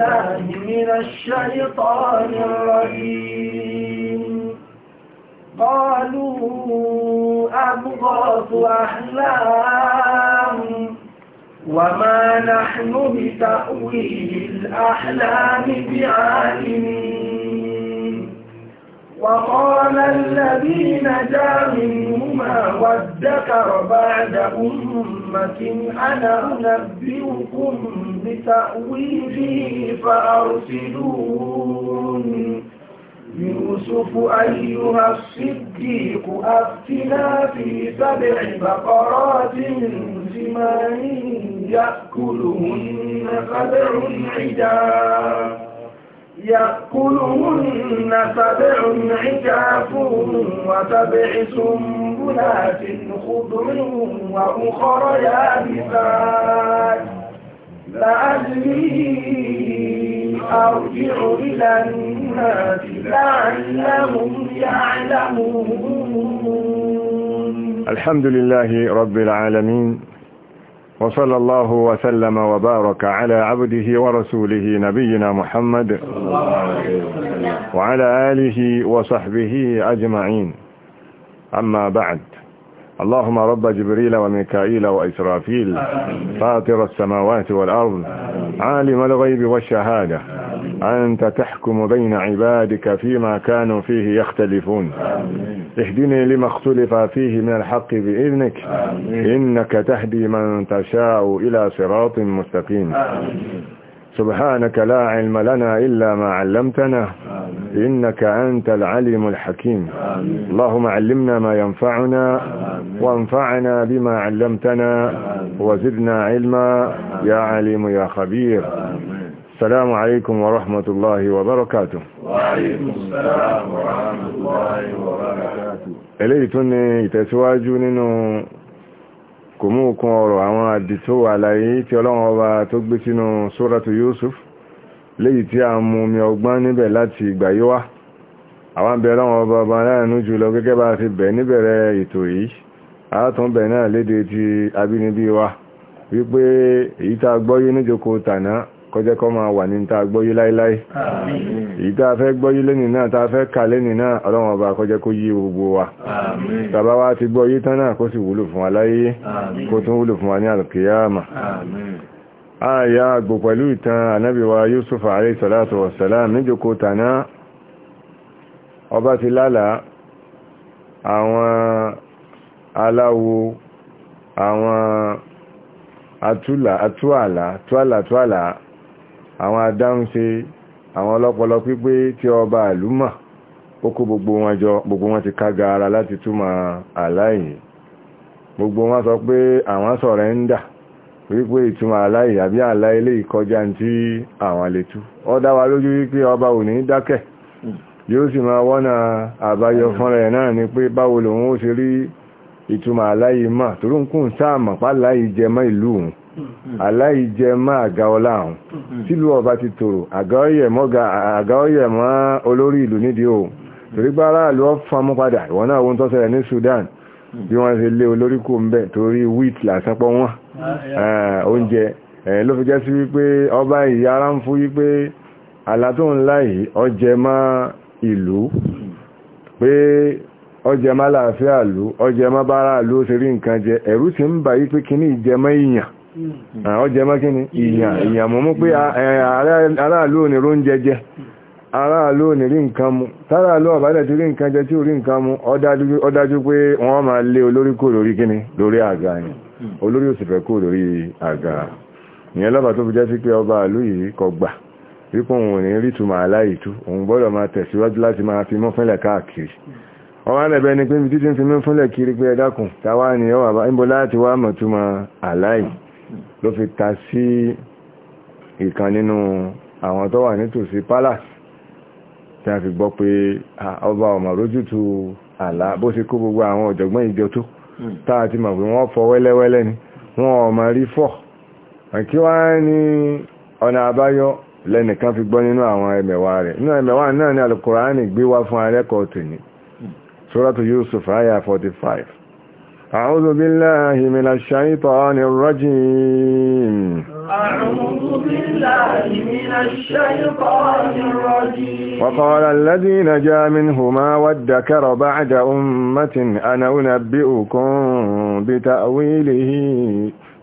من الشيطان الرجيم قالوا أبغاث أحلام وما نحن بتأويل الأحلام بعالمين وقال الذين نجا منهما وادكر بعد أمة أنا أنبئكم بتأويله فأرسلون يوسف أيها الصديق أفتنا في سبع بقرات سمان يأكلهن سبع عجاب يأكلهن سبع عجاف وسبع سنبلات خضر وأخر يابسات لعلي أرجع إلى الناس لعلهم يعلمون الحمد لله رب العالمين وصلى الله وسلم وبارك على عبده ورسوله نبينا محمد وعلى آله وصحبه أجمعين أما بعد اللهم رب جبريل وميكائيل وإسرافيل فاطر السماوات والأرض عالم الغيب والشهادة أنت تحكم بين عبادك فيما كانوا فيه يختلفون اهدني لما اختلف فيه من الحق بإذنك إنك تهدي من تشاء إلى صراط مستقيم سبحانك لا علم لنا إلا ما علمتنا إنك أنت العليم الحكيم اللهم علمنا ما ينفعنا وانفعنا بما علمتنا وزدنا علما يا عليم يا خبير السلام عليكم ورحمة الله وبركاته وعليكم السلام ورحمة الله وبركاته eléyìí tún ni ìtẹ̀síwájú nínú kòmúkún ọ̀rọ̀ àwọn àdìtò àlàyé tí ọlọ́run ọba tó gbé sínú sóràtù Yusuf léyìí tí a mú mi ọgbọ́n níbẹ̀ láti ìgbà yìí wá àwọn abẹ́ ọlọ́run ọba ọba láàrin jùlọ gẹ́gẹ́ bá ti bẹ̀ níbẹ̀rẹ̀ ètò yìí àátúnbẹ̀ náà léde ti abínibí wa wípé èyí tá a gbọ́yé níjókòó tànáà kọjẹ́ kọ́ máa wà ní ta gbọ́yí láíláí èyí tá fẹ́ gbọ́yí lẹ́nì náà tá fẹ́ kà lẹ́nì náà ọlọ́run ọba kọjẹ́ kó yí gbogbo wa tàbá wá ti gbọ́yí tán náà kó sì wúlò fún wa láyé kó tún wúlò fún wa ní alkiyama Yusuf alayhi salatu wassalam níjòkó tàná ọba ti lálàá àwọn aláwo àwọn atúàlá túàlá túàlá àwọn adáhunṣe àwọn ọlọpọlọ pípé tí ọba àlúmà ó kó gbogbo wọn jọ gbogbo wọn ti kága ara láti túmọ̀ àláyé gbogbo wọn sọ pé àwọn sọ̀rẹ́ńdà wípé ìtumọ̀ àláyé àbí àlá ilé ìkọjá tí àwọn dá wa lójú wípé ọba ò ní yóò sì máa wọ́nà àbáyọ fúnra ẹ̀ náà ni pé báwo lòun ó ṣe rí mà Hmm. aláìjẹ máa àga ọlá àwọn hmm. tílù ọba ti tòrò àga ọyẹ̀ mọ́ olórí ìlú nídìí o hmm. torí gbára ìlú ọ̀fọn mú padà ìwọ̀n náà ohun tó ṣẹlẹ̀ ní Sudan bí wọ́n ṣe lé olórí kò ń bẹ̀ torí wheat lásán pọ̀ wọ́n ah, ah, oúnjẹ ló fi jẹ́ sí wípé ọba ìyá ara ń fún wípé àlá tó ń láyìí ọjẹ́ mọ́ ìlú pé ọjẹ́ mọ́ láàfíà ìlú ọjẹ́ mọ́ bára ìlú ó ṣe rí nǹkan jẹ ẹ̀rú sì ń bà yí pé kíní ìjẹmọ́ ìyàn ọjẹ́ ah, mọ́kíní ìyàn ìyàn pé eh, aráàlú ò ní ró ara jẹjẹ aráàlú ò ní rí nǹkan mu táràlú ọ̀bálẹ̀ tí rí nǹkan jẹ tí ò rí nǹkan pé wọ́n máa lé olórí kò lórí kíní lórí àga hmm. olórí òsìfẹ́ kò lórí àga ìyẹn lọ́bàá tó fi jẹ́ sí pé ọba àlú yìí ọwá ni pé títí fi kiri pé ẹ̀dákùn ni ọwà bá ń bọ́ láti wá ló fi ta sí ìkan nínú àwọn tó wà nítòsí palace tí a fi gbọ́ pé ọba ọmọ rójútu àlá bó ṣe kó gbogbo àwọn ọ̀jọ̀gbọ́n ìjọ tó hmm. táà ti mọ̀ pé wọ́n fọ́ wẹ́lẹ́wẹ́lẹ́ ni wọ́n ọmọ rí fọ́ kí wá ní ọ̀nà àbáyọ lẹ́nìkan fi gbọ́ nínú àwọn ẹmẹ̀wà rẹ̀ nínú ẹmẹ̀wà náà ni alukùránì gbé wá fún arẹ́kọ̀ọ́ tòní hmm. Suratu Yusuf aya 45 أعوذ بالله من الشيطان الرجيم أعوذ بالله من الشيطان الرجيم وقال الذي نجا منهما وادكر بعد أمة أنا أنبئكم بتأويله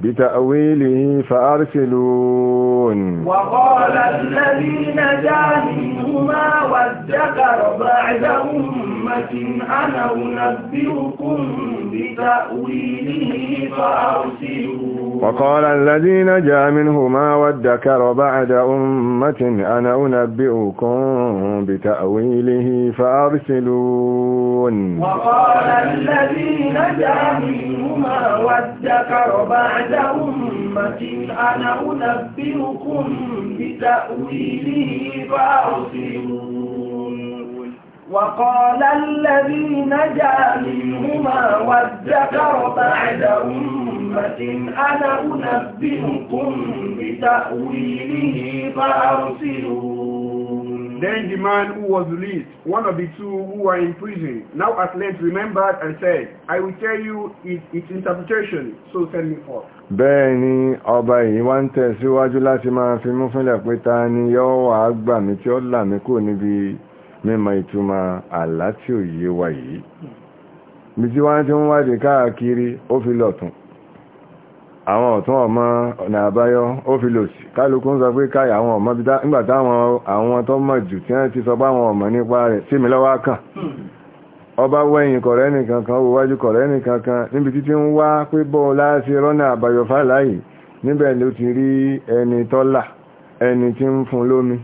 بتأويله فأرسلون وقال الذي نجا منهما بعد أمة أنا أنبئكم بتأويله فأرسلون وقال الذي نجا منهما وادكر بعد أمة أنا أنبئكم بتأويله فأرسلون وقال الذي نجا منهما وادكر بعد بعد أمة أنا أنبئكم بتأويله فأرسلون وقال الذي نجا منهما وادكر بعد أمة أنا أنبئكم بتأويله فأرسلون Then the man who was released, one of the two who were in prison, now at length remembered and said, I will tell you its, its interpretation, so send me forth. Bẹ́ẹ̀ ni ọba yìí wá ń tẹ̀síwájú láti máa fi mú fúnlẹ̀ pé ta ni yóò wà gbà mí tí ó là mí kò níbi mímọ̀ ìtumọ̀ àlá tí ò yé wa yìí. Bí tí wọ́n ti ń wádìí káàkiri, ó fi lọ̀tún. àwọn ọ̀tún ọmọ ọ̀nà àbáyọ ó fi lò sí kálukú ń àwọn ọmọ bí nígbàtá àwọn tó jù tí wọ́n ti sọ báwọn ọmọ nípa rẹ̀ sí mi lọ́wọ́ kàn ọba wẹ́yìn kọ̀rẹ́ nìkankan owó wájú kọ̀rẹ́ nìkankan níbi títí ń wá pé bọ́ láti ti rí ẹni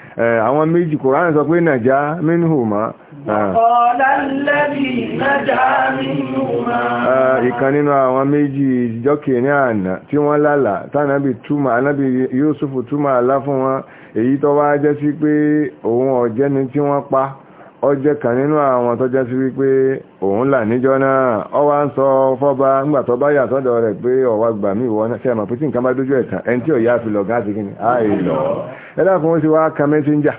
àwọn méjì Kùránì sọ pé nàjá mínúhùmá ìkan nínú àwọn méjì ìjọ́kè ní àná tí wọ́n lálà tánàbí túmà anábì Yúsùfù túmà alá fún wọn èyí tó jẹ́ sí pé òun ọ̀jẹ́ni pa ọ jẹ́ kan nínú àwọn tó jẹ́ sí wípé òun là níjọ́ náà ọ wá ń sọ fọba ńgbà bá yà sọ́dọ̀ pé ọ̀wá gbà mí wọ́n náà ṣẹ́mà pé bá dójú ẹ̀tàn ẹni tí ò yá fi lọ gáàsì kí ni lọ ẹ̀dá fún wá kan mẹ́sẹ́ńjà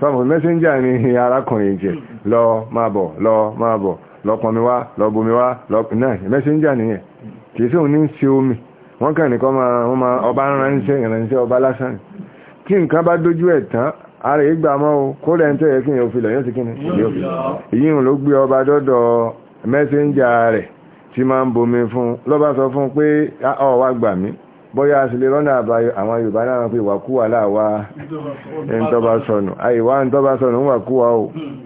tọ́mù ni arákùnrin jẹ lọ máa bọ̀ lọ máa bọ̀ ààrẹ ìgbà mọ́ o kó lẹ́n tó yẹ kí èèyàn òfin lọ yóò ti kíni ìlú òfin èyí ló gbé ọba dọ́dọ̀ mẹ́sẹ́ńjà rẹ̀ tí máa ń bomi fún lọ́ba sọ fún pé ọ̀ wá gbà mí bóyá aṣílẹ̀ rọ́nà àbáyọ àwọn yorùbá náà pé wàkúwà láàwá ẹ̀ńtọ́bá sọnù àìwá ẹ̀ńtọ́bá sọnù ń wàkúwà o hmm.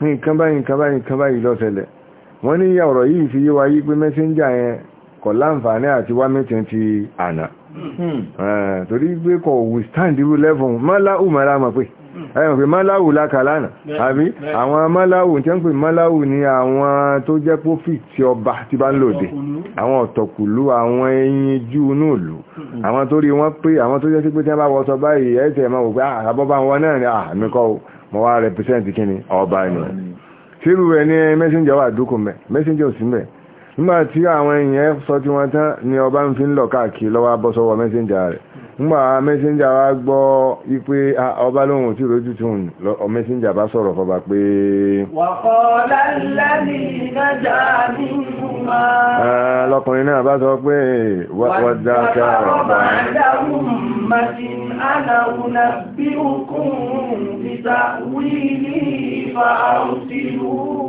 nǹkan báyìí nǹkan báyìí nǹkan báyìí ló ṣẹlẹ̀ wọ́n ní ìyá ọ̀rọ̀ yìí fi yé wa yí pé mẹ́sẹ́ńjà yẹn kọ̀ láǹfààní àti wá mẹ́tẹ̀ ti àná hmm. torí pé kọ̀ withstand irú lẹ́fọ̀n máláwù mára mọ̀ pé hmm. ẹ̀yàn pé máláwù láka lánàá àbí àwọn máláwù tí wọ́n pè máláwù ni àwọn tó jẹ́ profit ti ọba ti bá ń lòdì àwọn ọ̀tọ̀kùlú àwọn ẹyin jú inú ìlú hmm. àwọn tó rí wọ́n pé àwọn tó jẹ́ sí pé tí wọ́n bá wọ́sọ báyìí ẹ̀ẹ́sẹ̀ máa wò pé ah, àbọ́bá wọn náà ni àmì ah, kọ́ mo wá represent kíni ọba ni tírú rẹ̀ ní mẹ́sẹ̀njẹ́ wà dúkùn mẹ́ mẹ́sẹ̀njẹ́ ò sí mẹ́ nígbà tí àwọn èèyàn sọ tí wọ́n tán ni ọba ń fi ń lọ káàkiri lọ́wọ́ bọ́ sọ́wọ́ mẹ́sẹ̀njẹ́ rẹ̀ nígbà mẹ́sẹ̀njẹ́ wa gbọ́ wípé ọba lóhun tí rojú tí òun mẹ́sẹ̀njẹ́ bá sọ̀rọ̀ fọba pé. wàkọ́lá náà bá sọ pé wọ́dà káàrọ̀ bá. wàdà تأويلي فأرسلون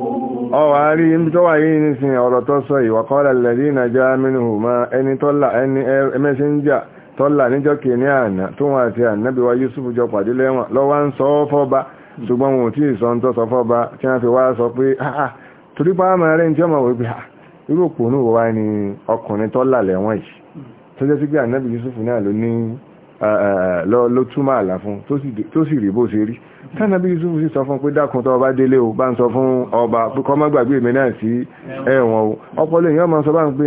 ọwà rí tó wà yìí nísìn ọ̀rọ̀ tó sọ ìwàkọ́lá lẹ́dínà já mínú ma ẹni tọ́lá ẹni mẹ́sẹ́njà tọ́lá níjọ́ ní àná tó wà tí wa Yusuf jọ pàdé lẹ́wọ̀n lọ ń ṣùgbọ́n wọn tí ìsọ pé ah, ah, ló túmọ̀ àlà fún tó sì rí bó ṣe rí tánàbí Yusuf sì sọ fún pé dákun tó ọba délé o bá ń sọ fún ọba kọ́ má gbàgbé èmi náà sí ẹ̀wọ̀n o ọpọlọ èèyàn máa sọ bá ń pé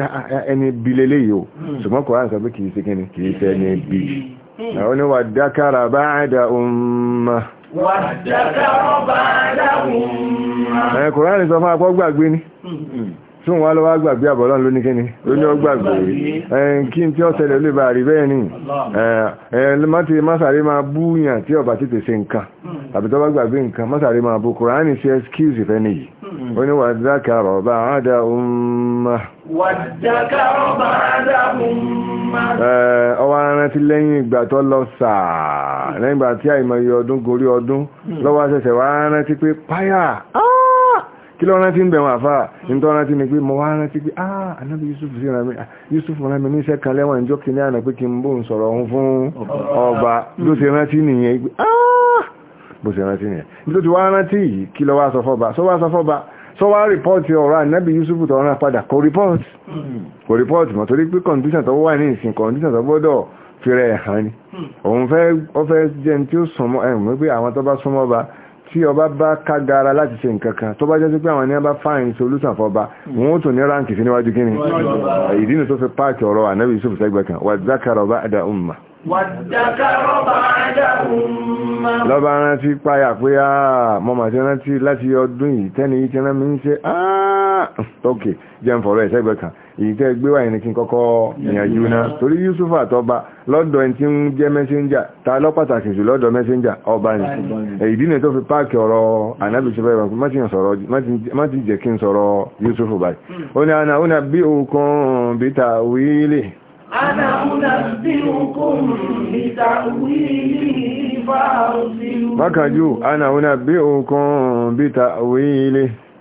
ẹni bí lélẹ́yìí o ṣùgbọ́n kò rà ń sọ pé kìí ṣe kíni kìí ṣe ẹni bí àwọn oníwà dákàrà bá àdà ọmọ wà dákàrà bá àdà ọmọ tí wọ́n lọ́wọ́ gbàgbé àbọ̀lọ́n ló kíni ló ní kí n tí ó tẹ̀lẹ̀ lè bá rí bẹ́ẹ̀ ni mọ́tí mọ́sàrí máa búyàn tí ọba tètè ṣe nǹkan tàbí gbàgbé nǹkan mọ́sàrí máa bú kùránì sí excuse fẹ́ nìyí ó ní wàdákàrọ̀ bá àádá kí ló rántí ń bẹ̀ wọn àfáà ní tó rántí ni pé mo wá rántí pé ah anábì yusuf sí ra mi ah, yusuf rán mi níṣẹ́ kan lẹ́wọ̀n ìjọ kìíní àná pé kí n bò ń sọ̀rọ̀ òun fún ọba ló ti rántí nìyẹn pé ah bó ti rántí nìyẹn nítorí wá rántí yìí kí ló wá sọ fọ́ba sọ wá sọ fọ́ba sọ wá rìpọ́ọ̀tì ọ̀rọ̀ anábì yusuf tó rán padà kò rìpọ́ọ̀tì kò rìpọ́ọ̀tì mọ̀ torí pé kọ̀ǹdíṣàn tó wà ní ìsìn kọ̀ǹdíṣàn tó gbọ́dọ̀ fẹ́rẹ̀ ẹ̀hán ba tí ọba bá kágara láti ṣe nǹkan kan tó bá jẹ́ sí pé àwọn ènìyàn bá fáìn solúsàn fọba wọn ó ní ráǹkì sí níwájú kí ni ìdínú tó fi páàkì ọ̀rọ̀ ànábì Yusuf sẹ́gbẹ̀ kan wà zákàrọ̀ bá àdá umma lọ́ba rántí páyà pé àà mọ́mà ti rántí láti ọdún yìí tẹ́ni yìí ti rán mi ń ṣe àà ah, ok jẹun fọ̀rọ̀ ẹ̀sẹ́gbẹ̀ kan èyí tẹ́ gbé wáyé ní kí n kọ́kọ́ ìyànjú náà torí Yusuf àtọba ẹni tí ń ta lọ pàtàkì jù lọ́dọ̀ mẹ́sẹ́njà ọba ni èyí dínà tó fi páàkì ọ̀rọ̀ anábìsífẹ́ ìwọ̀n má ti jẹ́ kí n sọ̀rọ̀ Yusuf báyìí hmm. ó ní ana ó ní bí òkun bí wílì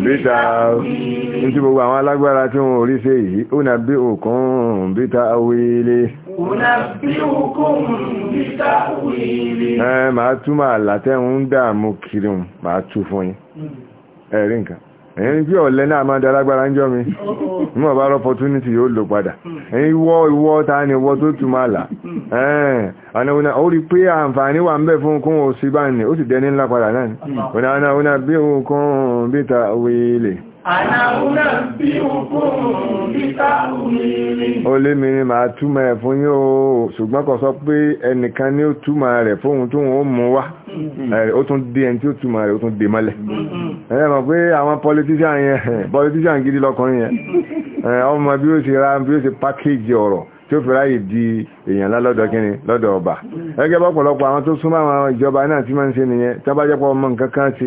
bíta ní tí gbogbo àwọn alágbára tí wọ́n orí ṣe yìí ó nà bí òkun bíta wílé ẹ máa túmọ̀ àlàtẹ́ ń dààmú kiri máa tú fún ẹ̀rí nǹkan ẹ̀yìn bí ọ̀lẹ́ náà máa dalágbára ń jọ mi ní ọ̀bá opportunity yóò lò padà ẹ̀yìn ìwọ ìwọ ta ni ìwọ tó túnmà là ẹ̀ẹ́n àná ó rí pé àǹfààní wà ń bẹ fún kún òsì na ó sì dẹni ńlá padà náà ó lé mi ni màá túmọ̀ ẹ̀ fún yín o ṣùgbọ́n kò sọ pé ẹnìkan ni ó túmọ̀ rẹ̀ fóun tó wọ́n mú wá mm-hmm. ó tún dé ẹni tí ó túmọ̀ rẹ̀ ó tún dé mọ́lẹ̀ mm-hmm. ẹ mọ̀ pé àwọn politician yẹn politician gidi lọ́kùnrin yẹn ọmọ bí ó ṣe ra bí ó ṣe package ọ̀rọ̀ tí ó fi ráyè di èèyàn lálọ́dọ̀ kíni lọ́dọ̀ ọba mm-hmm. ẹgẹ́ bọ́pọ̀lọpọ̀ àwọn tó súnmọ́ àwọn ìjọba náà tí máa ń ṣe nìyẹn tábàjẹ́pọ̀ ọmọ nǹkan kan ṣe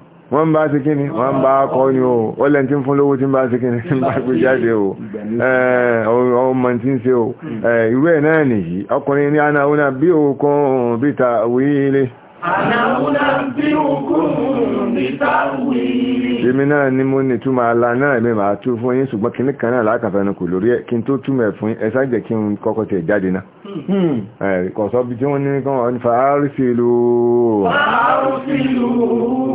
wọ́n bá ti kí ni wọ́n bá kọ́ ni o ó lẹ́ni tí ń fún lówó tí ń bá ti kí ni ń bá gbé jáde o ọmọ tí ń ṣe o ìwé náà nìyí ọkùnrin ní anáwó náà bí òkun bíta wílé Èmi náà ni mo ní túmọ̀ àlá náà èmi máa tú fún yín ṣùgbọ́n kìíní kan náà lákàfẹ́nu kò lórí ẹ̀ kí n tó túmọ̀ ẹ̀ fún ẹ̀sá jẹ́ kí n kọ́kọ́ tẹ̀ jáde náà. Hmm. Kọ̀sọ́ bí tí wọ́n ní kán wọ́n ní fàárùsìlú.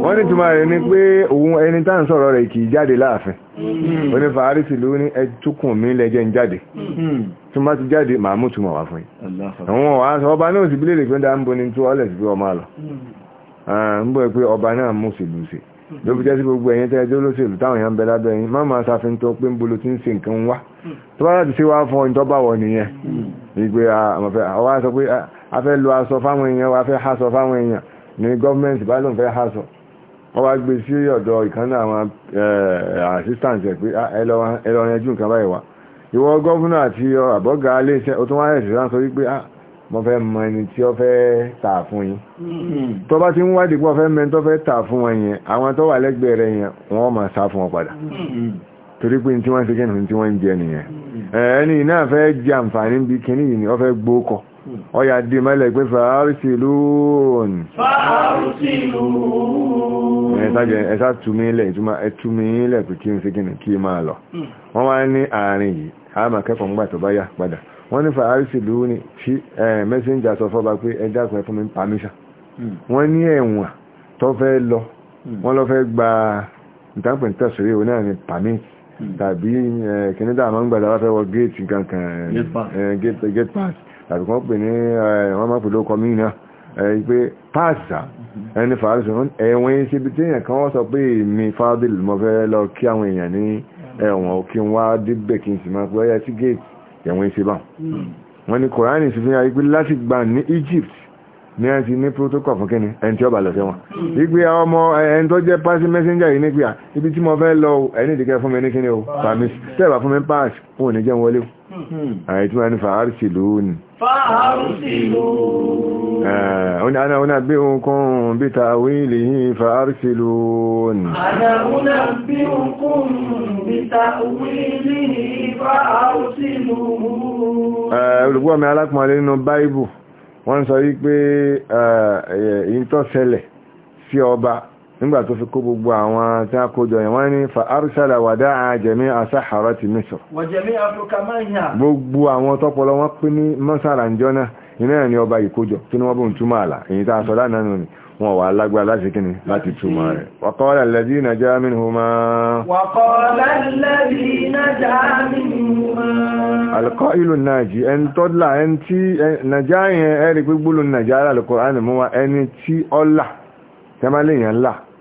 Wọ́n ní túmọ̀ rẹ̀ ni pé òun ẹni tá ń sọ̀rọ̀ rẹ̀ kì í jáde láàfin ó hmm. ní fàárí sí ló ní ẹtukùn mi lẹ́jẹ́ ń jáde hmm. tí má ti jáde màá mú túmọ̀ wá fún yìí àwọn ọ̀hán ọba náà sì bílẹ̀ pé ń dá ní tó ọlẹ̀ sí pé ọmọ àlọ́ hmm. ń bọ̀ pé ọba náà mú sí lù sí ló fi jẹ́ sí gbogbo ẹ̀yin tẹ́ ẹjọ́ lóṣèlú táwọn èèyàn bẹ̀rẹ̀ abẹ́ yìí má máa sáfin tó pé ń bolo tí ń ṣe nǹkan wá tó bá láti ṣe wá fún ọ̀yìn bá wọ̀ nìyẹn ìgbé àwọn sọ pé a fẹ́ lo aṣọ fáwọn èèyàn wa fẹ́ há fáwọn èèyàn ní gọ́ọ̀mẹ́ntì bá lóun fẹ́ há wọ́n wá gbé sí ọ̀dọ̀ ìkànnà àwọn eh, assistant ẹ̀ pé ah, ẹlọ yanjú nǹkan báyìí wá ìwọ gọ́fúnà àti àbọ́gà iléeṣẹ́ ó tún wá ẹ̀sìn rán sọ wípé ah, mo fẹ́ mọ ẹni tí ó fẹ́ tà fún yín hmm. tó bá ti ń wádìí pọ̀ fẹ́ mẹ́ni tó fẹ́ tà fún wọn yẹn àwọn tó wà lẹ́gbẹ̀ẹ́ rẹ̀ yẹn wọ́n máa sá fún wọn padà hmm. torí pé tí wọ́n ṣe kí ni tí wọ́n ń jẹ nìyẹn hmm. eh, ẹni náà fẹ́ jẹ àǹfààní bí kíní yìí ni ó fẹ́ gbókọ̀ ọya dì mẹ́lẹ̀ pé fàárìsì lóòn ẹ̀sá túnmílẹ̀ ìtumá ẹtúnmílẹ̀ pé kí n sí gínà kí máa lọ hmm. wọ́n wá ní àárín yìí a máa kẹ́kọ̀ọ́ ńgbà tó bá yá padà wọ́n ní fàárìsì lóòn tí mẹ́sẹ́njà sọ fọ́ba pé ẹjá pẹ́ fún mi pàmíṣà hmm. wọ́n ní ẹ̀wọ̀n tó fẹ́ lọ hmm. wọ́n lọ fẹ́ gba ìtàpẹ̀ tẹ̀sọ̀rí òun náà ní pàmíṣà tàbí kìnnìtà àmọ́ ń gbàdá wá fẹ́ wọ géètì kankan gate pass tàbí kan pè ní eh, wọ́n máa pèlú ọkọ̀ mìíràn eh, pé pàṣà ẹni fàáṣọ ẹ̀wọ̀n ṣe bí téèyàn kan wọ́n sọ pé mi fábíl mo fẹ́ lọ kí àwọn èèyàn ní ẹ̀wọ̀n kí n wá débẹ̀ kí n sì máa pẹ́ ẹyà sí gate ẹ̀wọ̀n ṣe bá wọn hmm. ni kòránì sì fi hàn pé láti gbà ní Egypt ní ẹ ti ní protocol fún kíni ẹni tí ó bà lọ sẹ́wọ̀n hmm. wípé ọmọ eh, ẹni tó jẹ́ pass messenger yìí ní pé ibi tí mo fẹ́ lọ ẹni ìdíkẹ́ fún mi ní kíni o pàmí tẹ́ẹ̀bà fún mi pass fún òní jẹun wọlé hmm. àìtúwẹ́ni fàárì sí lónìí أنا أنبئكم بتأويله فأرسلون أنا أنبئكم بتأويله فأرسلون olùgbọ́ mi alákùnrin nínú báìbù wọ́n sọ wípé ìyí eh, tó ṣẹlẹ̀ sí ọba nígbà tó fi kó gbogbo àwọn tí a kójọ yẹn wọ́n ní fa'arsala wà dáa jẹ́mí àṣàhàrá ti Misr wọ́n pín ní wọ́n wà lágbà láti kíni láti túmọ̀ rẹ̀ wa qala alladhina najaa minhuma wa qala alladhina najaa minhuma alqailu naji ẹn tọ́lá ẹn tí najá yẹn ẹ̀rí gbígbóló najá alqur'an mú wa ẹni tí ọlá tẹ́málẹ̀yàn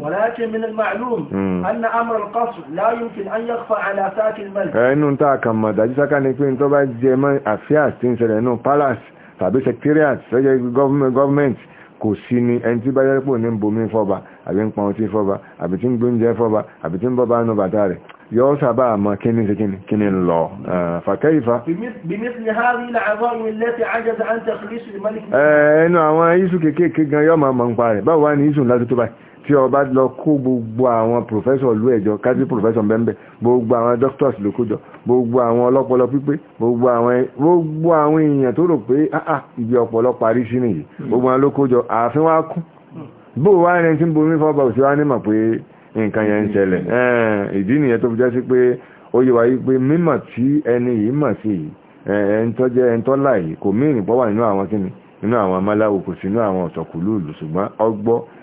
ولكن من المعلوم أن أمر القصر لا يمكن أن يخفى على ساك الملك ẹnu ń tàà kan mọ̀ dájú يكون ní pé أفياس bá jẹ mọ́ àfíà tí ń ṣẹlẹ̀ palace tàbí secretariat sẹ́jẹ́ government kò sí ní ẹni tí bá yẹ pò ní bomi fọba àbí ń pọn tí fọba àbí tí ń gbóúnjẹ fọba àbí tí ń bọ́ bá nù bàtà rẹ̀ yóò sábà mọ kíní sí kíní kíní lọ fàkẹ́yìfà. ẹnu àwọn isu kéékèèké gan yóò máa mọ̀ ń pa rẹ̀ báwo wá ní isu ńlá tó tó báyìí tí ọba lọ kó gbogbo àwọn pòfẹ́sọ̀ ló ẹ̀jọ́ kájí pòfẹ́sọ̀ bẹ́ẹ̀ gbogbo àwọn doctors ló kójọ gbogbo àwọn ọlọ́pọlọ pípé gbogbo àwọn èèyàn tó rò pé ah, ah, ibi ọpọlọ parí sí nìyí gbogbo àwọn ló kójọ ààfin wá kú bó wá ẹni tí ń bomi fọ́bà òsì wá nímọ̀ pé nǹkan yẹn ń ṣẹlẹ̀ ìdí nìyẹn tó fi jẹ́ sí pé ó yẹ wáyé pé mímọ̀ tí ẹni yìí mọ̀ sí yìí ẹ̀ẹ́ntọ́jẹ́ ẹ̀ẹ́ntọ́lá yìí kò mí ìrìnpọ̀ wà nínú àwọn kíni nínú àwọn amáláwo kò sí nínú àwọn ọ̀tọ̀kùlú ìlú ṣùgbọ́n ọgbọ́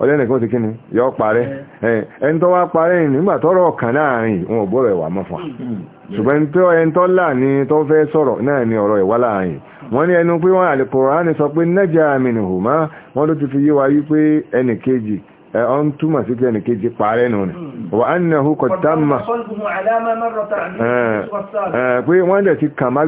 ọ ti kíni yọ parẹ́ ẹni tó wá parẹ́ nígbà tọ́rọ̀ ọ̀kan láàrin wọn ò gbọ́rọ̀ ẹ̀wà mọ́ fún wa hmm, hmm, hmm. ṣùgbọ́n tó ẹni tó láàní na fẹ́ sọ̀rọ̀ náà ni ọ̀rọ̀ ẹ̀wà láàrin wọ́n ní ẹnu pé wọ́n àlùkùránì sọ pé nẹ́jà minhuma wọ́n ló ti fi yé wa yí pé ẹnì kejì ọ̀n túmọ̀ sí pé ẹnì kejì parẹ́ nù wà á nà dámà pé wọ́n dẹ̀ ti kà má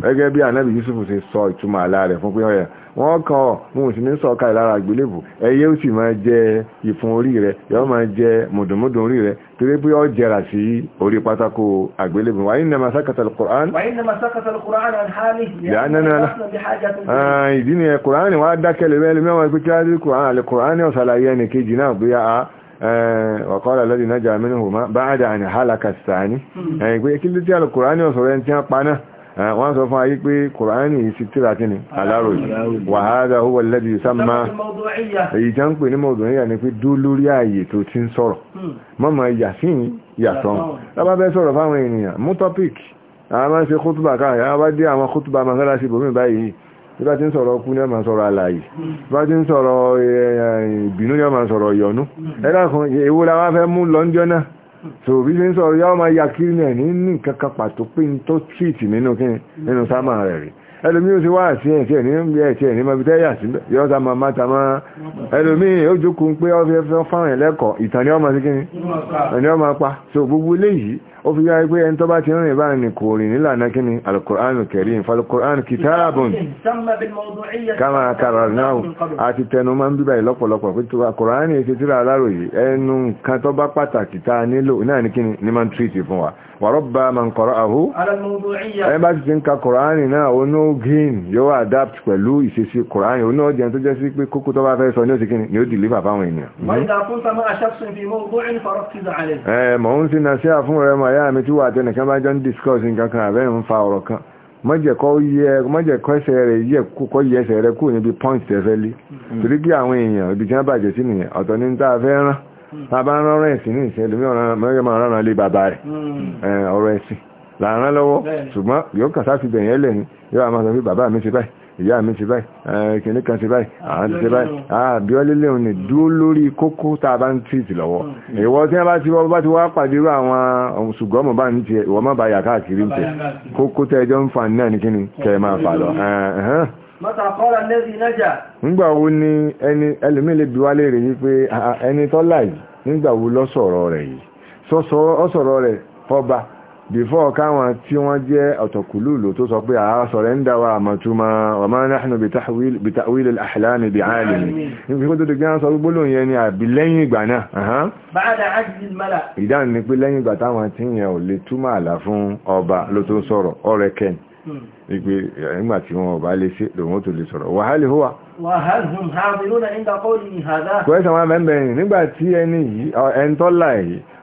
gẹ́gẹ́ bí anábì Yusuf ṣe sọ ìtumọ̀ wọ́n kàn ọ́ wọn ò sì ní sọ̀ka ìlara àgbélébù ẹyẹ ó sì máa jẹ ìfun orí rẹ yóò máa jẹ mùdùmùdù orí rẹ torí pé ó jẹrà sí orí pátákó àgbélébù wà ní ha sákàtà alukur'an. wà ní nàmà sákàtà alukur'an alhali. yà á ìdí ni kur'an dákẹ́ lè mẹ́lẹ́ mẹ́wàá pé kí á ha kur'an alukur'an ha ṣàlàyé ẹnì kejì náà bóyá a وقال ha نجا منهما بعد Eh, wọ́n sọ fún ayé pé kùránì sí tíra kí ni aláròyìn wàhálà huwa alladhi yusamma èyí jẹ́ ń pè ní mọ̀dúnríyà ni pé dú lórí ààyè tó ti ń sọ̀rọ̀ mọ́mọ̀ yàfín yàtọ̀ lábábẹ́ sọ̀rọ̀ fáwọn ènìyàn mú topic àwọn máa ń ṣe kútùbà káàkiri àwọn bá dé àwọn kútùbà mọ́sálásí bòmí báyìí bí bá ti ń sọ̀rọ̀ ọkú eh, ní so bí ṣe ń sọ̀rọ̀ yá ọmọ ya kiri náà ní ní kankan pàtó pé tó tíìtì nínú kí nínú sámà rẹ̀ rí ẹlòmí ó ti wá àti ẹ̀tí ẹ̀ní ń bí ẹ̀tí ẹ̀ní máa fi tẹ́yà sí yọ́ sá ma máta máa ẹlòmí ó jókòó pé ọ́ fẹ́ fẹ́ fáwọn ẹ̀lẹ́kọ̀ọ́ ìtàn ni ọmọ sí kí ni pa so gbogbo eléyìí ó fi yá pé ẹni tó bá ti rìn báyìí ni kò rìn nílànà kí ni alukur'an karim falukur'an kìtàbùn kama kararnahu àti tẹnu máa ń bíbà ìlọ́pọ̀lọpọ̀ pé tó bá kur'an yìí ti tíra aláròyé ẹnu nǹkan tó bá pàtàkì tá nílò náà ní kí ni ní máa ń tírìtì fún adapt pẹ̀lú ìṣesí kur'an onú ọjà tó jẹ́ sí pé kókó tó bá fẹ́ sọ ní òsì kí ni ni ó dìlífà fáwọn ènìyàn. mọ̀ ń sí nasiha ìyá mi tí wà tẹnìkan bá jọ ń discuss nǹkan kan àbẹ́ ń fa ọ̀rọ̀ kan mọ́jẹ̀kọ́ ẹsẹ̀ rẹ̀ yẹ kókọ́ yẹ ẹsẹ̀ rẹ̀ kúrò níbi point tẹ́fẹ́ lé mm. torí kí àwọn èèyàn ibi tí wọ́n bàjẹ́ sí nìyẹn ọ̀tọ̀ ní tá a fẹ́ rán bàbá mm. ń rán ẹ̀sìn ní ìsìn ẹlòmí ọ̀rọ̀ rán lé bàbá rẹ̀ mm. ọ̀rọ̀ ẹ̀sìn là ń rán lọ́wọ́ ṣùgbọ́n yóò kà sáfìbẹ̀yẹn lẹ́ni yóò máa sọ pé bàbá mi ti báyìí ìyá mi ti báyìí kìnní kan ti báyìí àwọn ti báyìí àbíọ́lélé òní dúró lórí kókó bá ń tìtì lọ́wọ́ mm, mm. ìwọ tí wọ́n bá ti wọ́n bá ti wá pàdé àwọn ṣùgbọ́n bá ń tiẹ̀ ìwọ má ba yà káàkiri ń kókó tẹ́ ń fa náà ní kíni kẹ́ fà lọ mm, nígbà ni ẹni ẹni tọ́lá yìí nígbà wo rẹ̀ yìí sọ́sọ́ before káwọn tí wọ́n jẹ́ ọ̀tọ̀kùlùlù tó sọ pé àá sọ̀rẹ́ndà wa àmàtúmá wà máa náà bí tàwílì àhìláàmì bí ààlìmì nígbà kó tó ti gán sọ gbólò yẹn ni àbí lẹ́yìn ìgbà náà ìdáhùn ni pé lẹ́yìn ìgbà táwọn tí yẹn ò lè túmọ̀ àlà fún ọba ló tó sọ̀rọ̀ ọ̀rẹ́ kẹ́ni hmm. ìgbé ẹ̀yìngbà tí wọn ọba lè ṣe lòun tó lè sọ̀rọ̀ wàhálì hùwà wàhálì hùwà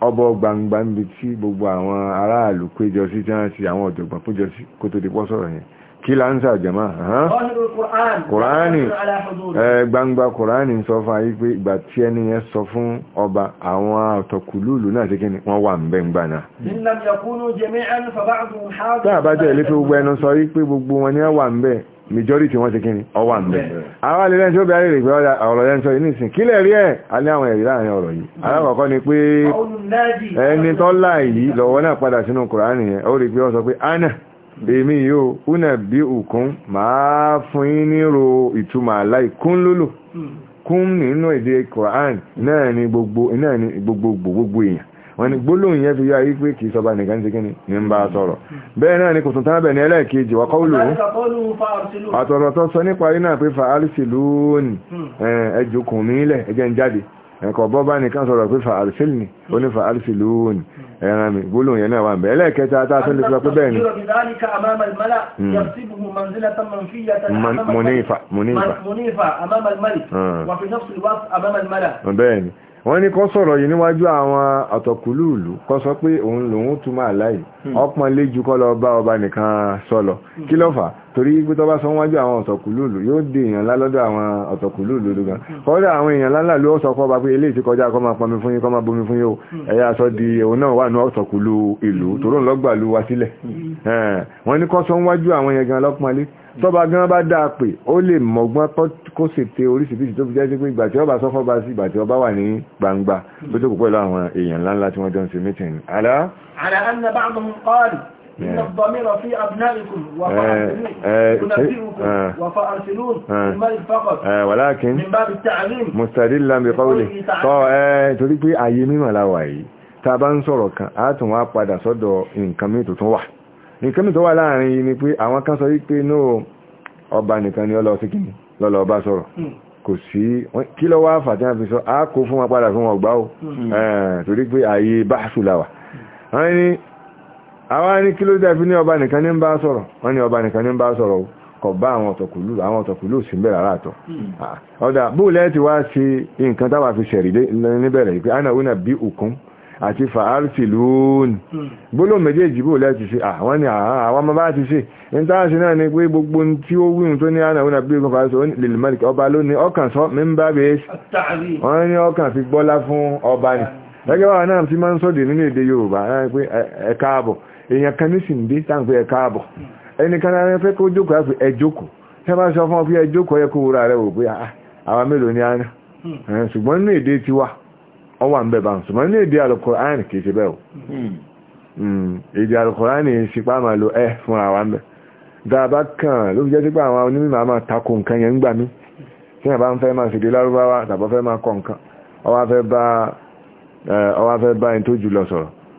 ọbọ̀ gbangba níbi tí gbogbo àwọn aráàlú péjọ sí tí wọ́n ti àwọn ọ̀jọ̀gbọ́n péjọ sí kó tó di pọ́ sọ̀rọ̀ yẹn kí là ń sàjẹ̀má kùránì gbangba kùránì sọ fún ayé pé ìgbà tí ẹni yẹn sọ fún ọba àwọn ọ̀tọ̀kùlúùlù náà síkí ni wọ́n wà ń bẹ́ gbà náà tí àbájẹ́ ilé tó gbẹnu sọ wípé gbogbo wọn ni wà ń bẹ́ majority wọ́n ti kíni ọwà mẹ́ àwọn alẹ́lẹ́ tí ó bẹ̀rẹ̀ rẹ̀ pé ọ̀rọ̀ yẹn sọ inú ìsìn kílẹ̀ rí ẹ̀ alẹ́ àwọn ẹ̀rí láàrin ọ̀rọ̀ yìí hmm. alákọ̀ọ́kọ́ ni pé ẹni tó yìí lọ́wọ́ náà padà sínú kùránì yẹn ó rí pé ó sọ pé ana hmm. èmi yóò una bí òkun máa fún yín nírò ìtumọ̀ aláì kún lólò hmm. kún nínú èdè kùránì náà ni gbogbo gbogbo èèyàn wọ́n ní gbólóhùn yẹn fi yá yí pé kìí sọba nìkan ti kíni ní ń bá sọ̀rọ̀ bẹ́ẹ̀ náà ni kò tún tábẹ̀ ní ẹlẹ́ẹ̀kejì wọ́n kọ́ àtọ̀rọ̀ tó sọ nípa rí náà pé fa arsiluni hmm. ẹjùkùn mi lẹ̀ jáde ẹ̀kọ́ bọ́ bá nìkan sọ̀rọ̀ pé fa arsilni ó ní fa arsiluni hmm. ẹran mi gbólóhùn yẹn náà wà bẹ́ẹ̀ lẹ́ẹ̀kẹta tá a wọ́n ní kọ́ sọ̀rọ̀ yìí níwájú àwọn àtọ̀kùlú ìlú kọ́ sọ pé òun lòun túmọ̀ àláyé ọpọ́n hmm. léjú kọ́ lọ bá ọba nìkan sọ hmm. kí ló torí pé tó bá sọ wájú àwọn ọ̀tọ̀kùlùlù yóò dé èèyàn lálọ́dọ̀ àwọn ọ̀tọ̀kùlùlù ló gan hmm. kọ́dà àwọn èèyàn lálà ló sọ fọ́ bá pé eléyìí ti kọjá kọ́ máa pọnmi fún yín kọ́ máa bomi fún yín o hmm. ẹ̀yà sọ di òun náà wà ní ọ̀tọ̀kùlù ìlú hmm. tòró lọ́gbà lu wa sílẹ̀ wọ́n ní kọ́ sọ wájú àwọn èèyàn gan lọ́pọ̀nlé tọ́ba gan bá dáa pé ó lè mọ̀gbọ́n kó ṣètè oríṣiríṣi tó fi jẹ́ pé ìgbà tí ọba sọ́fọ́ bá sí ìgbà tí ọba wà ní gbangba tó jókòó pẹ̀lú àwọn èèyàn ńláńlá tí wọ́n jọ ń ṣe mítìn. إن الضمير في أبنائكم وفأرسلون الملك فقط ولكن من باب التعليم مستدلا بقوله eh, torí pé ayé mímọ̀ láwà yìí tá bá ń sọ̀rọ̀ kan a tún wá padà sọ́dọ̀ nǹkan mìí tó tún wà nǹkan mìí tó wà láàrin yìí ni pé àwọn kan sọ wípé ní ọba nìkan ni ọlọ́ síkìní lọ́lọ́ ọba sọ̀rọ̀ hmm. kò sí kí lọ wá fàtíyàn fi sọ a kó fún wọn padà fún àwọn ní kí ló dàbí ní ọba nìkan ní ń bá sọ̀rọ̀ wọ́n ní ọba nìkan ní ń bá sọ̀rọ̀ kọ̀ bá àwọn ọ̀tọ̀kùlù àwọn ọ̀tọ̀kùlù sí bẹ̀rẹ̀ àràtọ̀ hmm. ah, ọ̀dà bóòlẹ́ ti wá sí nǹkan táwà fi ṣẹ̀rí níbẹ̀rẹ̀ ìpé ana wúnà bí òkun àti fàárìtì lóòrùn bólò méjèèjì bóòlẹ́ ti ṣe àwọn ah, ni ah, àwọn ọmọ bá ti ṣe ní táàṣì náà ni èèyàn kan ní sìn dé táǹpé ẹ káàbọ̀ ẹnìkan náà fẹ́ kó jókòó àfi ẹ jókòó bá sọ fún ọ pé ẹ kó wúra rẹ wò pé ah, àwa mélòó ni àná ṣùgbọ́n nínú èdè tiwa ọ wà ń bẹ̀ bá ń ṣùgbọ́n nínú èdè Al-Qur'an kì í ṣe bẹ́ẹ̀ o hmm. Hmm. èdè Al-Qur'an ìṣipá máa lo ẹ fúnra wa ń bẹ̀ dáàbá kan ló fi jẹ́ sí pé àwọn onímọ̀ máa takò nǹkan yẹn ń gbà mí tí wọ́n bá ń fẹ́ máa ṣèdè lárúbáwá tàbí fẹ́ máa kọ nǹkan ọwá fẹ́ bá ẹni tó jù lọ sọ̀rọ̀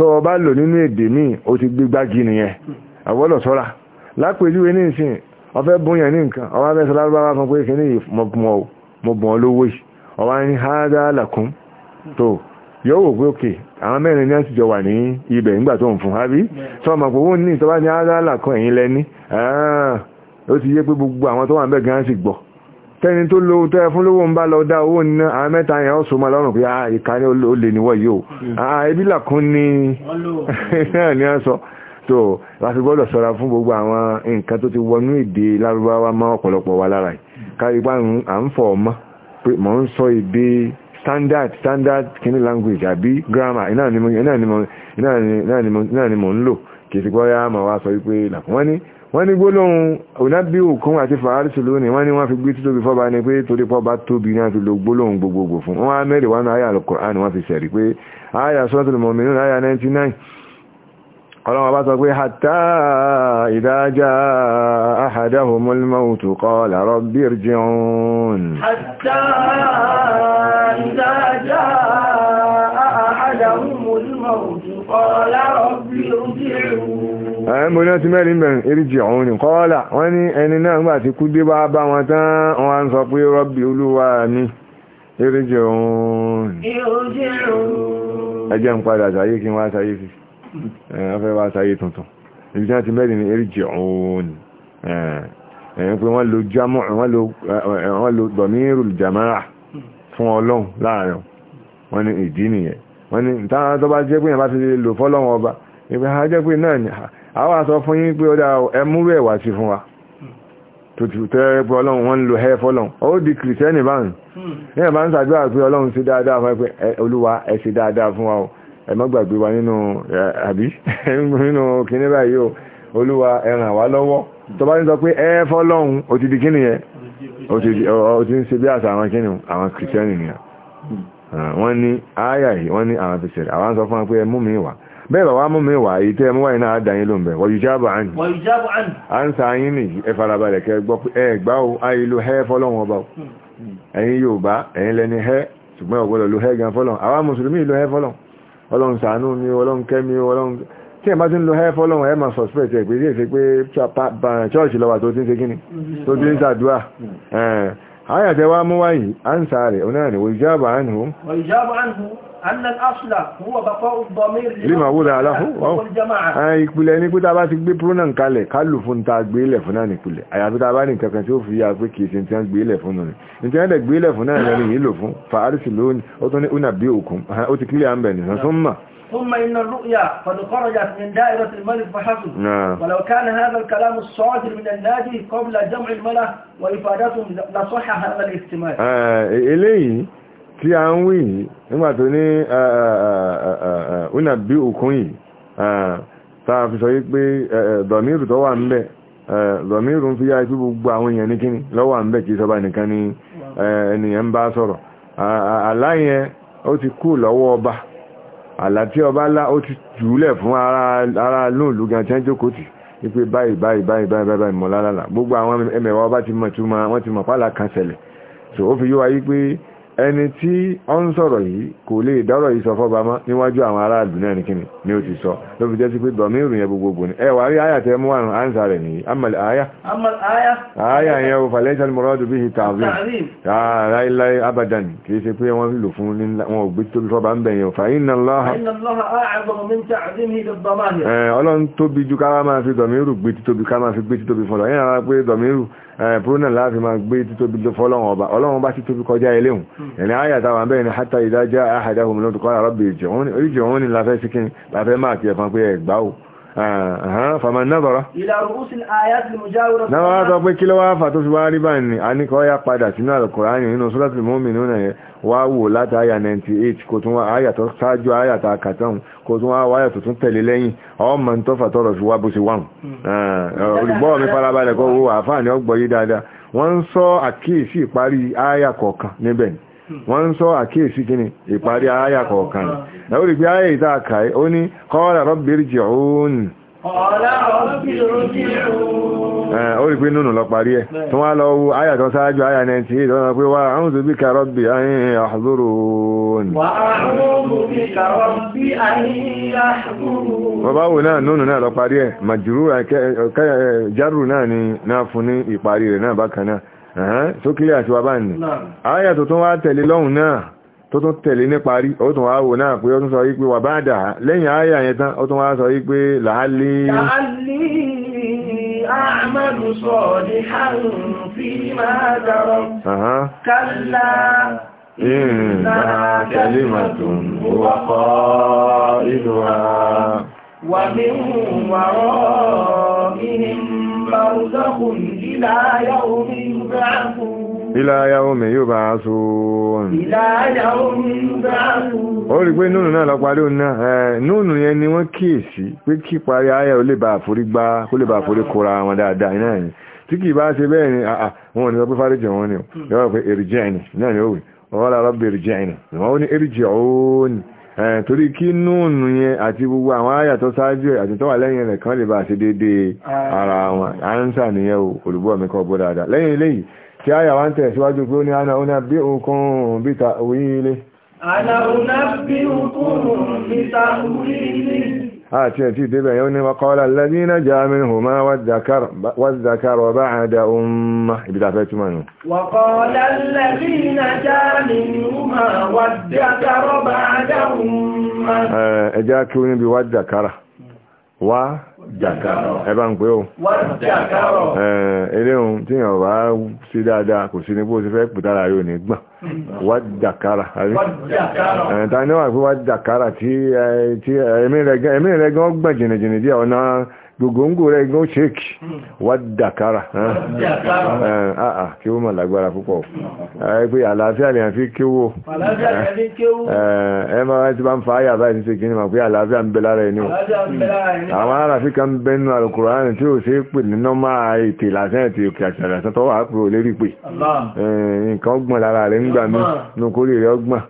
tó bá lò nínú èdè o ti gbígbági nìyẹn àwọ́lọ̀ sọ́ra lápèjúwe ní ìsìn ọfẹ́ bóyàn ní nǹkan ọwá mẹ́sàn lárúbáwá fún pé kìíní mọ̀bùn olówó yìí ọwá ní hádá làkún tó yóò wò pé òkè àwọn mẹ́rin ní àtijọ́ wà ní ibẹ̀ nígbà tó ń fún abi, sọ ma ní ní làkún ti yé gbogbo àwọn tó wà ń tẹni tó lówó tẹ́ fún lówó ń bá lọ dá owó ní àwọn mẹ́ta yẹn ó so mọ́ lọ́rùn pé àà ah, ìka ní ó lè níwọ̀ yóò àà hmm. ah, ẹbí làkún ní náà ní àṣọ tó láti gbọ́dọ̀ sọ́ra fún gbogbo àwọn nǹkan tó ti wọnú èdè lárúbáwá mọ́ ọ̀pọ̀lọpọ̀ wa lára kárí pa à ń fọ̀ ọmọ pé mò ń sọ èdè standard standard kini language àbí grammar iná ni mo ń lò kì í ti gbọ́ yá mọ̀ wá sọ wípé làkún wọ́n ní wọ́n ní gbólóhùn onábíòkún àti fàárísì lónìí wọ́n ní wọ́n fi gbé títóbi fọ́ba ní pé torí pọ́ba tóbi náà fi lo gbólóhùn gbogbogbò fún wọ́n á mẹ́rin wọ́n àyà al wọ́n fi sẹ̀rí pé àyà suratul Mu'minun àyà 99 mo ní ọtí mẹ́rin bẹ̀rẹ̀ eríjì ọ̀hún ni kọ́ọ́là wọ́n ní ẹni náà ń gbà ti kú dé wá bá wọn tán wọ́n ń sọ pé rọ́bì olúwa mi eríjì ọ̀hún ẹjẹ́ ń padà sáyé kí wọ́n sáyé sí ọfẹ́ wá sáyé tuntun ibi tí wọ́n ti mẹ́rin ni eríjì ọ̀hún ẹ̀yìn pé wọ́n lo dọ̀míìrù jàmáà fún ọlọ́run láàrin wọ́n ní ìdí nìyẹn wọ́n ní táwọn tó jẹ́ pé yẹn bá ti lò fọ́lọ́run ọba ìgbà jẹ́ pé náà àwọn àsọ fún yín pé ọdá ẹmúrú ẹ̀wà sí fún wa tó ti tẹ́ pé ọlọ́run wọ́n ń lo hair ó di kìrìsẹ́nì bá ń hmm. ní ẹ̀bá ń ṣàdúrà pé ọlọ́run sí dáadáa fún ẹgbẹ́ olúwa ẹ ṣe dáadáa fún wa o ẹ má gbàgbé wa nínú àbí nínú kíní báyìí o olúwa ẹ ràn wá lọ́wọ́ tó bá ń sọ pé ẹ fọ́lọ́run ó ti di kíni yẹn ó ti ń ṣe bí àṣà àwọn kíni àwọn kìrìsẹ́nì nìyà hmm. wọ́n ní ááyà yìí wọ́n ní àwọn fi àwọn sọ fún wa pé ẹ mi wá bẹ́ẹ̀ wa mú mi wà yìí tẹ́ ẹ mú wáyé náà dàn ló ń bẹ̀ wọ́n ìjábọ̀ àní. wọ́n ìjábọ̀ àní. à ń sa yín nìyí ẹ farabalẹ̀ kẹ gbọ́ ẹ gbá o ayé ló hẹ́ ọba o hmm, hmm. ẹ̀yin Yorùbá ẹ̀yin lẹni hẹ́ ṣùgbọ́n ọ̀gbọ́dọ̀ ló hẹ́ gan fọ́lọ́n àwa mùsùlùmí ló hẹ́ ọlọ́run mi ọlọ́run kẹ́ mi ọlọ́run lo suspect أن الأصل هو بقاء الضمير لما وضع له والجماعة ìpìlẹ̀ ni pé tá bá ti gbé pronoun kalẹ̀ ká lò fún tá gbé lẹ̀ fún náà nípìlẹ̀ àyàfi tá bá ní nǹkan kan tí ó fi ya pé kìí ṣe tí wọ́n gbé lẹ̀ fún náà ní tí wọ́n dẹ̀ gbé lẹ̀ fún náà lẹ́nu yìí lò fún fàárísì lónìí ó tún ní una bí òkun ó ti kílẹ̀ àmbẹ̀ nìsan tó mọ̀ ثم إن الرؤيا قد خرجت من دائرة الملك فحسب ولو كان هذا الكلام الصادر من النادي قبل جمع الملأ وإفادتهم لصح هذا الاحتمال. eléyìí tí a ń wí yìí nígbà tó ní unàbí òkun yìí tá a fi sọ yí pé dọ̀míìrù tó wà ń bẹ̀ dọ̀míìrù ń fi yá ikú gbogbo àwọn èèyàn ní kíní lọ́wọ́ à bẹ̀ kì sọba nìkan ni ènìyàn ń bá sọ̀rọ̀ àlá yẹn ó ti kú lọ́wọ́ ọba àlá tí ọba lá ó ti jùúlẹ̀ fún ara lóòlù gan tí wọ́n jókòó tì wípé báyìí báyìí báyìí báyìí báyìí mọ̀ lálàlà gbogbo àwọn ẹmẹ̀wá ọba ti mọ̀ túmọ̀ wọ́n ti mọ̀ pálá kan ṣẹlẹ̀ so ó fi yíwa yí pé ẹni tí ó ń sọ̀rọ̀ yìí kò lè dọ́rọ̀ yìí sọ fọ́ba níwájú àwọn aráàlú náà ní kíni ni ó ti sọ ló fi jẹ́ sí pé dọ̀míìrù yẹn gbogbogbò ní ẹwà rí àyà tẹ́ mú àrùn ánsà rẹ̀ nìyí amal àyà àyà yẹn o falẹ́sà mọ́rọ́dù bí i tààzí láìláì abadan kì í ṣe pé wọ́n lò fún wọn ògbé tóbi fọ́bà ń bẹ̀ yẹn fà iná ọlọ́run tóbi ju káwá máa fi dọ̀míìrù gbé títóbi ká máa fi gbé títóbi fọ́lọ̀ yẹn ara pé dọ̀míìrù prona láti máa gbé títóbi fọ́lọ́run ọba ọlọ́run bá títóbi kọjá eléhùn hmm. ẹni àyà táwọn bẹ́ẹ̀ ni hátà ìdájá àhàdáhùn lọ́dún kọ́ àrọ́bì láfẹ́ máa kí ẹ̀fọn pé ẹ̀gbá ò fàmà náàbọ̀rá náà sọ pé kí ló wá fà tó fi wá rí báyìí ni a ní kọ́ ya padà sínú Al-Kùránì nínú Suratul Mu'minun yẹn wá wò láti àyà 98 kò tún wá àyà tó ṣáájú àyà tó àkàtàn kò tún wá wáyà tó tún tẹ̀lé lẹ́yìn ọmọ tó fàtọ́rọ̀ sí wá bó ṣe wáhùn hmm. olùgbọ́ mi farabalẹ̀ kọ́ wo àfáà ní ọgbọ̀ yìí dáadáa wọ́n ń sọ àkíyèsí ìparí àyà kọ̀ọ̀kan níbẹ̀ ni wọ́n ń sọ àkíyèsí kíni ìparí ayà kọ̀ọ̀kan ẹ̀wọ́n rí pé ayà ìta ó ní kọ́ọ̀lá ó rí pé nínú lọ parí ẹ̀ tó wá lọ wo ayà tó sáájú ayà 98 lọ́nà pé wá a'udhu bika rabbi an yahzurun bàbá wò tó kílẹ̀ àti wà báyìí ayà tó tún wá tẹ̀lé lọ́hùn náà tó tún tẹ̀lé ní parí ó tún wá wò náà pé ó tún sọ wípé wà bá dà lẹ́yìn ayà yẹn tán ó tún wá sọ wípé làálí àmàlù sọ̀ọ̀dì hàrùn fi برزخ إلى يوم يبعثون Ilá yáwó mi yóò bá a so ọ̀nà. Ilá yáwó mi yóò bá a so ọ̀nà. Ó rí pé núnù náà lọ́parí òun náà. Ẹ̀ núnù yẹn ni wọ́n kíyèsí pé kí parí ayẹ́ ó lè bá àforí gbá, ó lè bá àforí kóra wọn dáadáa iná yìí. Tí kìí bá ṣe bẹ́ẹ̀ ni, wọn ò ní pé fárí jẹ wọn ni o. Yọ́wọ́ pé èrìjẹ́ ẹni náà ni ó wì. Wọ́n wá lára bẹ̀rẹ̀ jẹ́ ẹni. Wọ́n ní èrìjẹ́ òun ni. Eh, torí kí núùnù yẹn àti gbogbo àwọn àyà tó ṣáájú ẹ̀ àti tó wà lẹ́yìn rẹ̀ kan lè bá ṣe déédéé ah. ara wọn àánsà nìyẹn o olùgbọ́ mi kọ́ bó dáadáa lẹ́yìn eléyìí tí àyà wa ń tẹ̀síwájú pé ó ní àná ọ̀nà bí òkun bí ta ilé. àná ọ̀nà bí òkun bí ta ilé àti ẹ̀tí ìdíbẹ̀ yóò ní makọ́lá lẹ́dínà jami'in hùmá wàzàkàrọ̀ bá àdá umma ìbìdàfẹ́ túnmà nù. wàkọ́lá lẹ́dínà jami'in hùmá wàzàkàrọ̀ bá àdá umma ẹ bá ń pè ó eléhùn tí yàn bá sí dáadáa kò sí ní bó ti fẹ́ pùtára yóò ní gbà wá jàkárà ta ní wà pé wá jàkárà tí ẹ̀mí rẹ̀ gan gbà jìnìjìnì díẹ̀ ọ̀nà gbogbo rẹ̀ gan ṣéèkì wà dàkárà eh, eh, ah, ah, kí ó mà lágbára púpọ̀ hmm. eh, pé àlàáfíà lè fi kéwò ẹ máa ti bá ń fa àyà báyìí ṣe kìíní ma pé àlàáfíà ń bẹ lára ẹni o àwọn aráàfin kan bẹ nínú alukùránì tí ó ṣe é pè ní nọ́mà ètè lásán ètè òkè àṣàlẹ̀ àṣàtọ́wà pé ò lérí pé nǹkan ọgbọ̀n lára rẹ̀ ń gbà mí nukúrì rẹ̀ ọgbọ̀n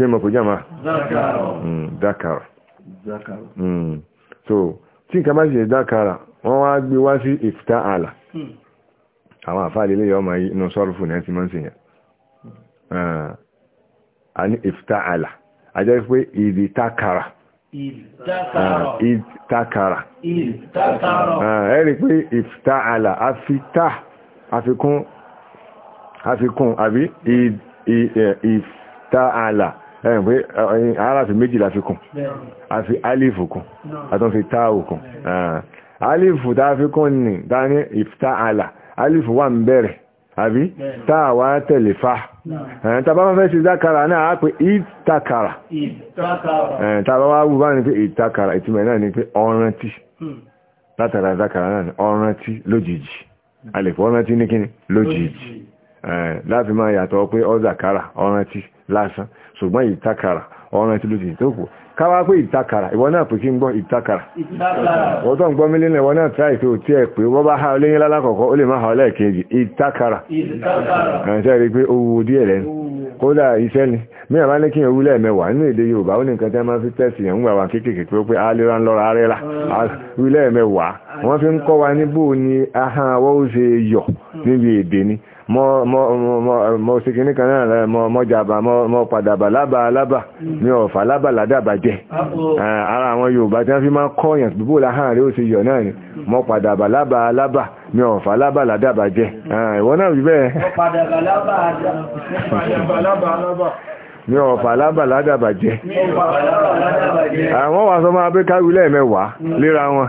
kí mọ̀ pé jàmá dákàrà hmm, hmm, so tí nǹkan bá ṣe dákàrà wọ́n wá gbé wá sí ìfìta àlà hmm. àwọn àfáàlì ilé ọmọ inú sọ́rọ̀ fún ẹ̀ tí mọ́ sí yẹn ah, a ní ìfìta àlà a jẹ́ Ah, ìdí tákàrà ìtakàrà ah, ẹ̀rí Afita, ìfìta àlà àfitá àfikún àbí ìfìta àlà ẹ̀yìn pé aráàfin méjìlá fi kún àfi alifu kún àtún fi táàwù kún alifu ah. táà fi kún ní a ní ìfta àlà alifu wà ń bẹ̀rẹ̀ àbí táà wá tẹ̀lé fa eh, tàbá wọ́n fẹ́ sí zákàrà náà á pé ìtàkàrà tàbá eh, wá wù bá ní pé ìtàkàrà ìtumẹ̀ náà ni pé ọ̀rántí hmm. látara zákàrà náà ni ọ̀rántí lójijì alẹ́fọ́ ọ̀rántí ní kíni lójijì Eh, láti máa yàtọ̀ pé ọ́zàkárà ọ̀rántí lásán ṣùgbọ́n ìtakàrà ọ̀rántí ló ti tó kù káwá pé ìtakàrà ìwọ náà pè kí ń gbọ́ ìtakàrà wọ́n ń gbọ́ mílíọ̀nù ìwọ náà tíráì tó tí ẹ̀ pé wọ́n bá ha olóyìn lálákọ̀ọ́kọ́ ó lè má ha ọlẹ́ẹ̀kejì kódà iṣẹ́ ni mìíràn bá ní kí yẹn wúlẹ̀ mẹ́wàá nínú èdè yorùbá ó ní nǹkan tí a máa fi tẹ̀sì yẹn ń gbà wá kéékèèké pé ó pé alera ń lọ́ra arẹ́ra wúlẹ̀ mẹ́wàá wọ́n fi ń kọ́ wa ní bó ni ahọ́n awọ́ ó ṣe yọ̀ níbi èdè ni mọ́ ṣe kìíní kan náà mọ́ jàbà mọ́ padàbà lába alába ní ọ̀fà lába ládàbà jẹ́ ara àwọn yorùbá tí wọ́n fi máa kọ́ yẹn bó láhàn rẹ̀ ó ṣe yọ̀ náà ni mọ́ padàbà lába alába mi ò fà lábà ládàbà jẹ́ hmm. ah, ìwọ náà wí bẹ́ẹ̀ mi ò fà lábà ládàbà jẹ́ àwọn wà sọ máa bẹ́ káwí lẹ́ẹ̀mẹ́wàá hmm. léra wọn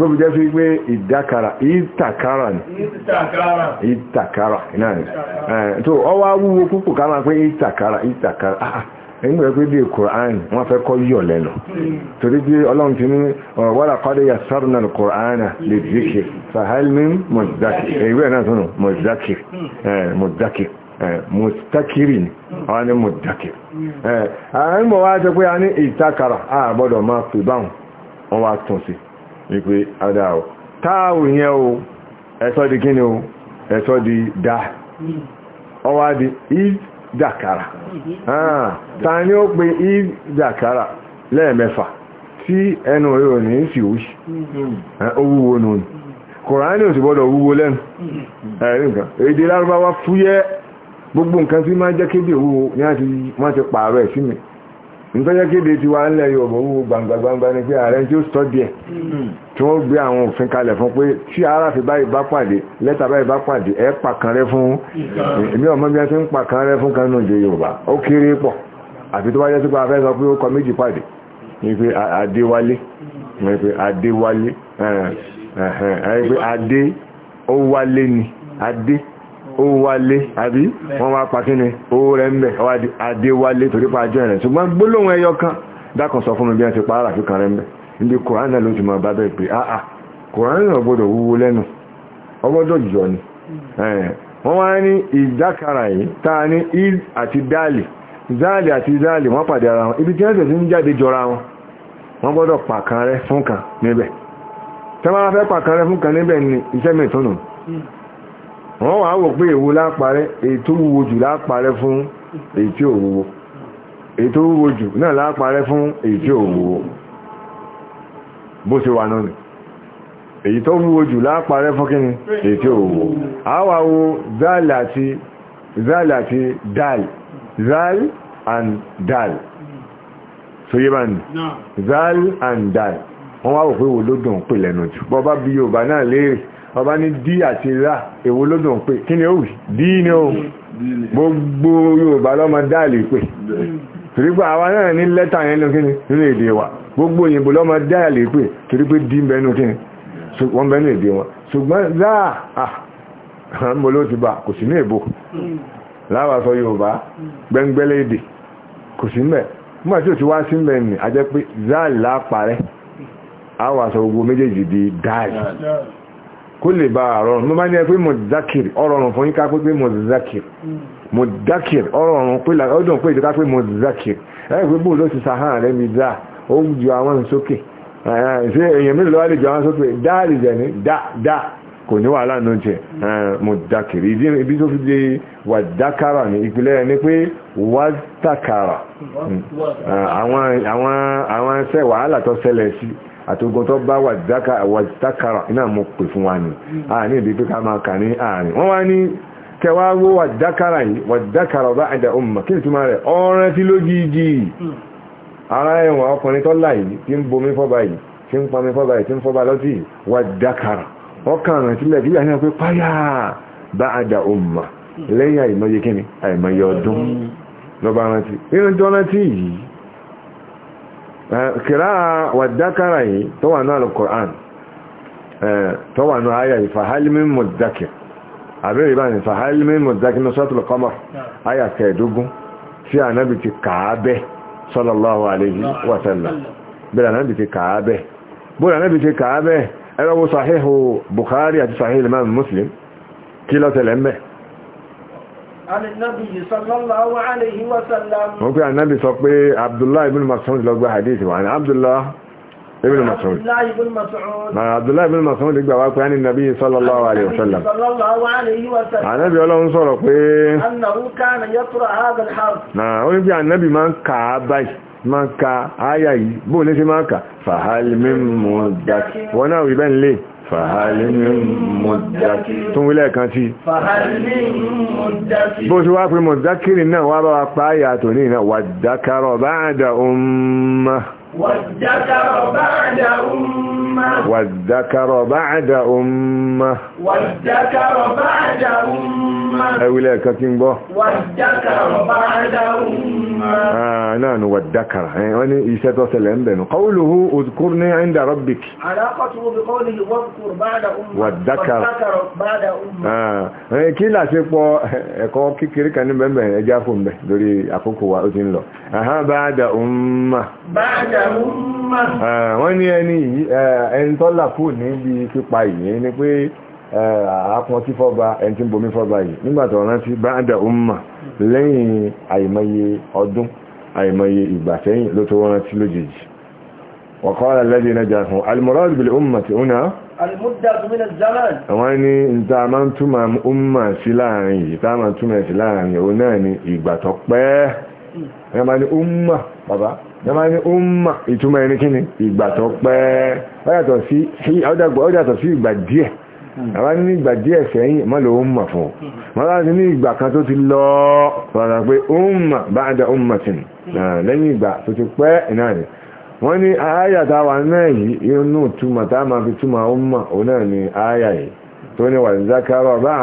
tó fi jẹ́ sí pé ìdákara ìtàkárà ní ìtàkárà náà tó ọwá wúwo púpọ̀ ká pé ìtàkárà ìtàkárà ah, ah, nígbà pé bí kùrán wọ́n fẹ́ kọ́ yọ̀ lẹ́nu torí bí ọlọ́run ti ní wala qad yassarna al-Qur'ana lidhikr fahal min muddakir ìwé náà tó nù muddakir muddakir mustakiri ni wọ́n ní muddakir àwọn ìmọ̀ wá jẹ́ pé a ní àbọ̀dọ̀ máa báwọn wọ́n wá tún sí wípé adá taa o ẹ̀sọ́ di o ẹ̀sọ́ di dá ọwá di ìdàkàrà mm-hmm. ah, ta ni ó pe ìdàkàrà lẹ́ẹ̀mẹ́fà tí ẹnu rẹ̀ ní sí owúwo mm-hmm. eh, nù ní mm-hmm. kòránì ò sì gbọ́dọ̀ wúwo lẹ́nu eh, èdè gbogbo ti nítorí kéde ti wá ńlẹ̀ yóò mọ̀ gbangba-gbangba ni pé ààrẹ tí ó sọ díẹ̀ tí wọ́n gbé àwọn òfin kalẹ̀ fún pé tí ara fi báyìí bá pàdé lẹ́tà báyìí bá pàdé ẹ pàkan rẹ fún èmi ọmọ bí wọ́n ti ń pàkan rẹ fún kanú ìjọ yorùbá ó kéré pọ̀ àti tó wáyé sí pé afẹ́ sọ pé ó kọ méjì pàdé ní pé adéwálé ní pé adéwálé ní pé adé ó wálé ni adé owó àbí wọ́n wá pàkínni owó rẹ̀ ọwá adé torí pa àjọ ẹ̀rẹ̀ ṣùgbọ́n ẹyọ kan fún mi bí wọ́n ti rẹ̀ kòránà ló ti pé àà kòránà wúwo lẹ́nu ọgbọ́dọ̀ jọ ni wọ́n wá ní ìdákara yìí ní àti dáàlì àti wọ́n pàdé ara ibi tí wọ́n ń jáde jọra wọn wọ́n gbọ́dọ̀ pàkan rẹ̀ fún kan níbẹ̀ wọ́n wà wò pé èwo lápàárẹ́ èyí tó wúwo jù lápàárẹ́ fún èyí tí ò wúwo èyí tó wúwo jù náà lápàárẹ́ fún èyí tí ò wúwo bó ṣe wà náà nì èyí tó wúwo jù lápàárẹ́ fún kíni èyí tí ò wúwo àwà wo zal àti zal àti dal zal and dal so yé bá ní zal and dal wọ́n wá wò pé wo ló dùn pè lẹ́nu jù bọ́ bá bí Yorùbá náà léèrè ọba ní dí àti rá èwo lódò kí ni ó wì dí ní o gbogbo yorùbá lọ́mọ dáàlì pé torípé àwa náà ní lẹ́tà yẹn n'i nínú èdè wa gbogbo òyìnbó lọ́mọ dáàlì pé torípé dí bẹnu kí wọ́n bẹnu èdè wọn ṣùgbọ́n láà ti kò sí ní yorùbá gbẹ́ngbẹ́lẹ́ èdè kò sí mẹ́ mọ́ tí ti wá sí mẹ́ ni a jẹ́ pé lápàrẹ́ gbogbo méjèèjì di dáàlì kó lè bá àrọ̀rùn ló bá ní ẹgbẹ́ mọ̀dákìr ọ̀rọ̀rùn fún yíká pé mọ̀dákìr mọ̀dákìr ọ̀rọ̀rùn ọdún pé ìdíká hmm. pé mọ̀dákìr ẹgbẹ́ bò ló ti sàhán rẹ̀ mi dá ó ju àwọn sókè ṣe èèyàn mélòó wá lè ju àwọn sókè dá lè jẹ ní dá dá kò ní wàhálà nù jẹ mọ̀dákìr ìdí ibi tó fi di wà dákàrà ní ìpìlẹ̀ ni pé wà dákàrà hmm. àwọn ṣẹ́ wàhálà tó ṣẹlẹ̀ sí àtògùn tó bá wàjákàrà iná mọ́ pè fún wa hmm. ní àní ìdí pé ká máa kà ní àárín wọ́n wá ní kẹwàá wó wàjákàrà yìí wàjákàrà bá àjà ọmọ kí ìtumọ̀ rẹ̀ ọ̀rẹ́ tí ló gígì hmm. ara ẹ̀wọ̀n ọkùnrin tó láì tí ń bomi fọ́ba yìí tí ń pami fọ́ba yìí tí ń fọ́ba lọ́tì wàjákàrà ọkàn rẹ̀ sílẹ̀ bí yàrá pé páyà bá àjà ọmọ hmm. lẹ́yìn àìmọye kíni àìmọye ọdún lọ́ba rántí nínú tó rántí yìí kìrá wàdákàrà yìí tó wà náà al-Qur'an tó wà náà ayà ìfàhálímí mọ̀dákì àbẹ́rẹ̀ ìbá ní ìfàhálímí mọ̀dákì ní suratul Qamar ayà kẹẹ̀dógún tí ànábì ti kàábẹ́ sallallahu alayhi wa sallam bẹ́rẹ̀ ànábì ti kàábẹ́ bóra ànábì ti kàábẹ́ ẹrọwọ́ sahihu Bukhari àti sahihu wọ́n pé ànábì sọ pé abdullahi ibn Mas'ud lọ gba hadith wa ni abdullahi ibn Mas'ud na abdullahi ibn Mas'ud lè gbà wá pé ànábì nabi sallallahu alaihi wasallam ànábì ọlọ́run sọ̀rọ̀ pé na ó máa ń kà báyìí máa ka áyà yìí bóò ní sí máa ń fàhálì mímú dákì wọ́n náà rí bẹ́ẹ̀ lè fàhálí ní mọ̀dákì tó wílẹ̀ kan tí bó ṣe náà wá bá wa pàáyà tò ní ìná wàdákàrọ̀ ba'da ummah وَالذَّكَرَ بَعْدَ أُمَّةٍ وَالذَّكَرَ بَعْدَ أُمَّةٍ وَالذَّكَرَ بَعْدَ أُمَّةٍ أولئك كاكين بو وَالذَّكَرَ بَعْدَ أُمَّةٍ آه نعم وَالذَّكَر يعني يساتو سلام بينه قوله اذكرني عند ربك علاقته بقوله واذكر بعد أمة وذكر بعد أُمَّةٍ آه كلا سيبو ẹ̀kọ́ kékeré kan ní bẹ̀m̀bẹ̀ ẹjá fún bẹ̀ lórí àkókò wa ó ti ń wọ́n ní ẹni ẹni tó làkú níbi pípa yìí ni pé àápọn tí fọ́ba ẹni tí ń bomi fọ́ba yìí nígbàtí ọ̀rán tí bá dà umma lẹ́yìn àìmọye ọdún àìmọye ìgbà sẹ́yìn ló tó lẹ́dí náà jàfún almurad bil umma ti una wọ́n ní ìta máa ń túmọ̀ umma sí láàrin yìí tá máa túmọ̀ sí láàrin òun náà ni ìgbà pẹ́ hmm. ẹ̀ máa ní umma bàbá dama ni umma ìtumọ̀ ẹni kí ni ìgbà tó pẹ́ ọjàtọ̀ sí ìgbà díẹ̀ àwọn hmm. ní ìgbà díẹ̀ sẹ́yìn mọ́ ló umma fún wọ́n hmm. láti ní ìgbà kan tó ti lọ rọ̀rọ̀ pé umma ba'da ummatin hmm. lẹ́yìn ìgbà tó ti pẹ́ iná rẹ̀ wọ́n ní ayàtà wà náà yìí inú túmọ̀ tá máa fi túmọ̀ umma òun náà ni ayà yìí tó ní wà zákàrọ̀ bá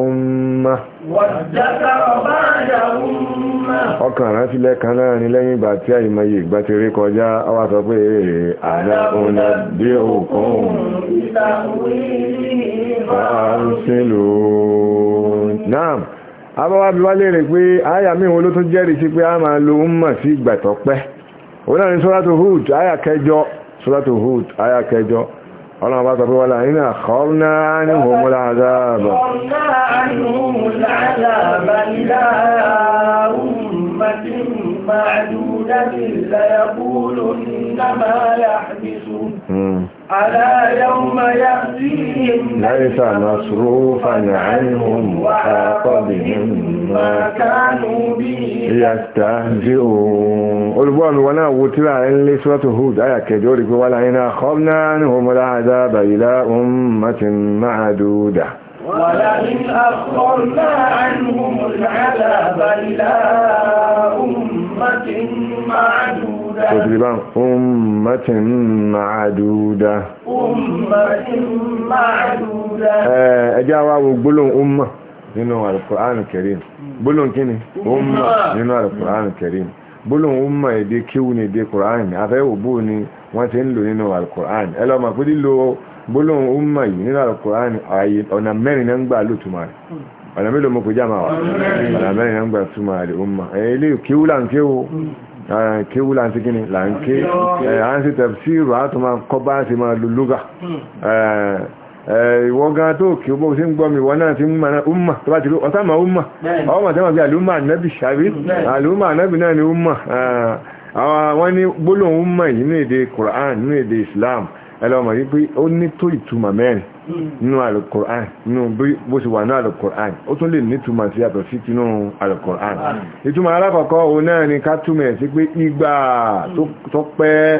ọmọ ọkàn rántí lẹ́kan náà ní lẹ́yìn tí àìmọ̀ yìí gba ti rí kọjá ọwá sọ pé èrè àdá ọ̀nà bí òkun àrùsílò náà abọ́wá bí wá lèrè pé àyà míhun a máa lo ọmọ si ìgbà قال ما بعد الرؤى لئن أخرنا عنهم العذاب أخرنا عنهم العذاب إلى أمة معدودة ليقولن ما يحبسون ألا يوم يأتيهم ليس مصروفا عنهم وحاق بهم ما كانوا به يستهزئون البول ولا وتلا ان لسوة هود آية كجورك ولئن أخذنا عنهم العذاب إلى أمة معدودة ولئن أخرنا عنهم العذاب إلى أمة معدودة تجربة أمة معدودة أمة معدودة ẹjá wa wo gbólóhùn umma nínú alukur'an kẹrin gbólóhùn kíni umma nínú alukur'an kẹrin gbólóhùn umma èdè kíwù ní èdè kur'an afẹ́wò bóò ni wọ́n ti ń lò nínú alukur'an ẹlọ́mà pé lílo gbólóhùn umma yìí nínú Al-Qur'ani ààyè ọ̀nà mẹ́rin náà ń gbà ló túmọ̀ rẹ̀ ọ̀nà mélòó mo kò já máa wà ọ̀nà mẹ́rin náà ń gbà túmọ̀ rẹ̀ umma ilé kéwú là ń kéwú hmm. kéwú là ń ti kíni là ń ké à ń ṣe kọ́ bá ṣe máa lu lúgà hmm. ìwọ gan tó kí o bó ṣe ń gbọ́ mi wọ́n náà ti mú mana umma tó bá ti rú ọ̀tá ma umma ọmọ tẹ́mọ̀ bí àlúmà nẹ́bì ṣàbí hmm, àlúmà nẹ́bì náà ni umma àwọn wọ́n ní gbólóhùn umma yìí ní èdè Qur'an ní èdè Islam ẹlọ́mọ̀ yí pé ó ní tó ìtumọ̀ mẹ́rin nínú alukur'an nínú bó ṣe wà ní alukur'an ó tún lè nítumọ̀ sí yàtọ̀ sí tinú alukur'an ìtumọ̀ alákọ̀ọ́kọ́ o náà ni ká túmọ̀ sí pé ìgbà tó pẹ́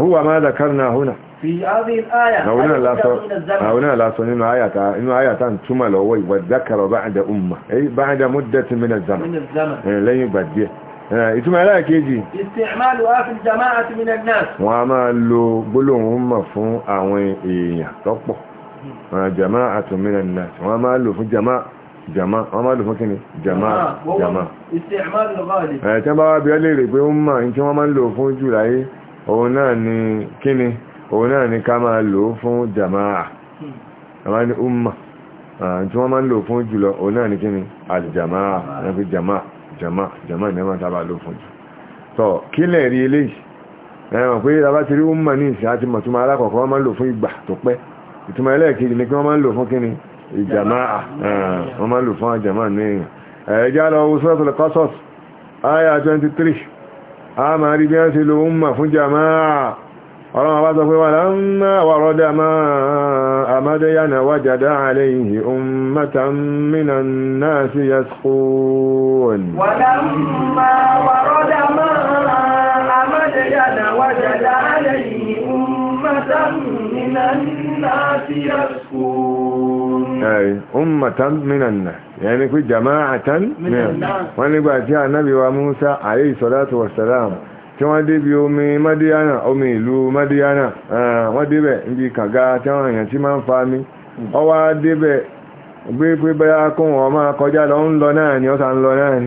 húwà máa dàkar náà húnà àwọn náà lásọ nínú ayàtà ń túmọ̀ lọ́wọ́ ìwà dákàrọ̀ ba'da umma ba'da muddatin min az-zaman eh, lẹ́yìn ìgbà Eh, ìtumọ̀ ẹlẹ́ẹ̀kejì wọ́n a máa lo gbólóhùn mọ̀ fún àwọn èèyàn tọ́pọ̀ eh, jama àtùmínà náà wọ́n a máa lo fún jama jama wọ́n máa lò fún kíni jama ah, jama ẹ̀ eh, tí wọ́n bá bí ọ lè rè pé ó mọ̀ ní tí wọ́n máa ń lò fún jù àwọn ni ó hmm. tí wọ́n máa ń lò fún jùlọ òun náà ni kíni àlìjama ẹ̀fí jama. jama jama jama ní ẹmọ́ sábà ló fún jù tọ́ kí lẹ̀ rí eléyìí ẹ̀wọ̀n pé ìdábá ti rí umma ní ìsìn àti mọ̀túnmọ̀ alákọ̀ọ́kọ́ wọ́n máa ń lò fún ìgbà tó pẹ́ ìtumọ̀ ẹlẹ́ẹ̀kejì ni kí wọ́n máa ń lò fún kíni ìjàmá wọ́n máa ń lò fún àjàmá ní èèyàn ẹ̀já lọ wo suratul Qasas aya 23 a máa rí bí wọ́n ṣe lo umma fún jàmáà ورمى بعضه ولما ورد ماء مدين وجد عليه أمة من الناس يسقون ولما ورد ماء مدين وجد عليه أمة من الناس يسقون أي أمة من الناس يعني كل جماعة من, من الناس ونبع جاء النبي وموسى عليه الصلاة والسلام tí wọ́n débi omi madiana omi ìlú madiana eh, wọ́n débẹ̀ níbi kànga tí wọ́n èèyàn tí máa ń fa mi ọ wá débẹ̀ gbé pé bẹ́yà kún ọ máa kọjá lọ ń lọ náà ni lọ náà ni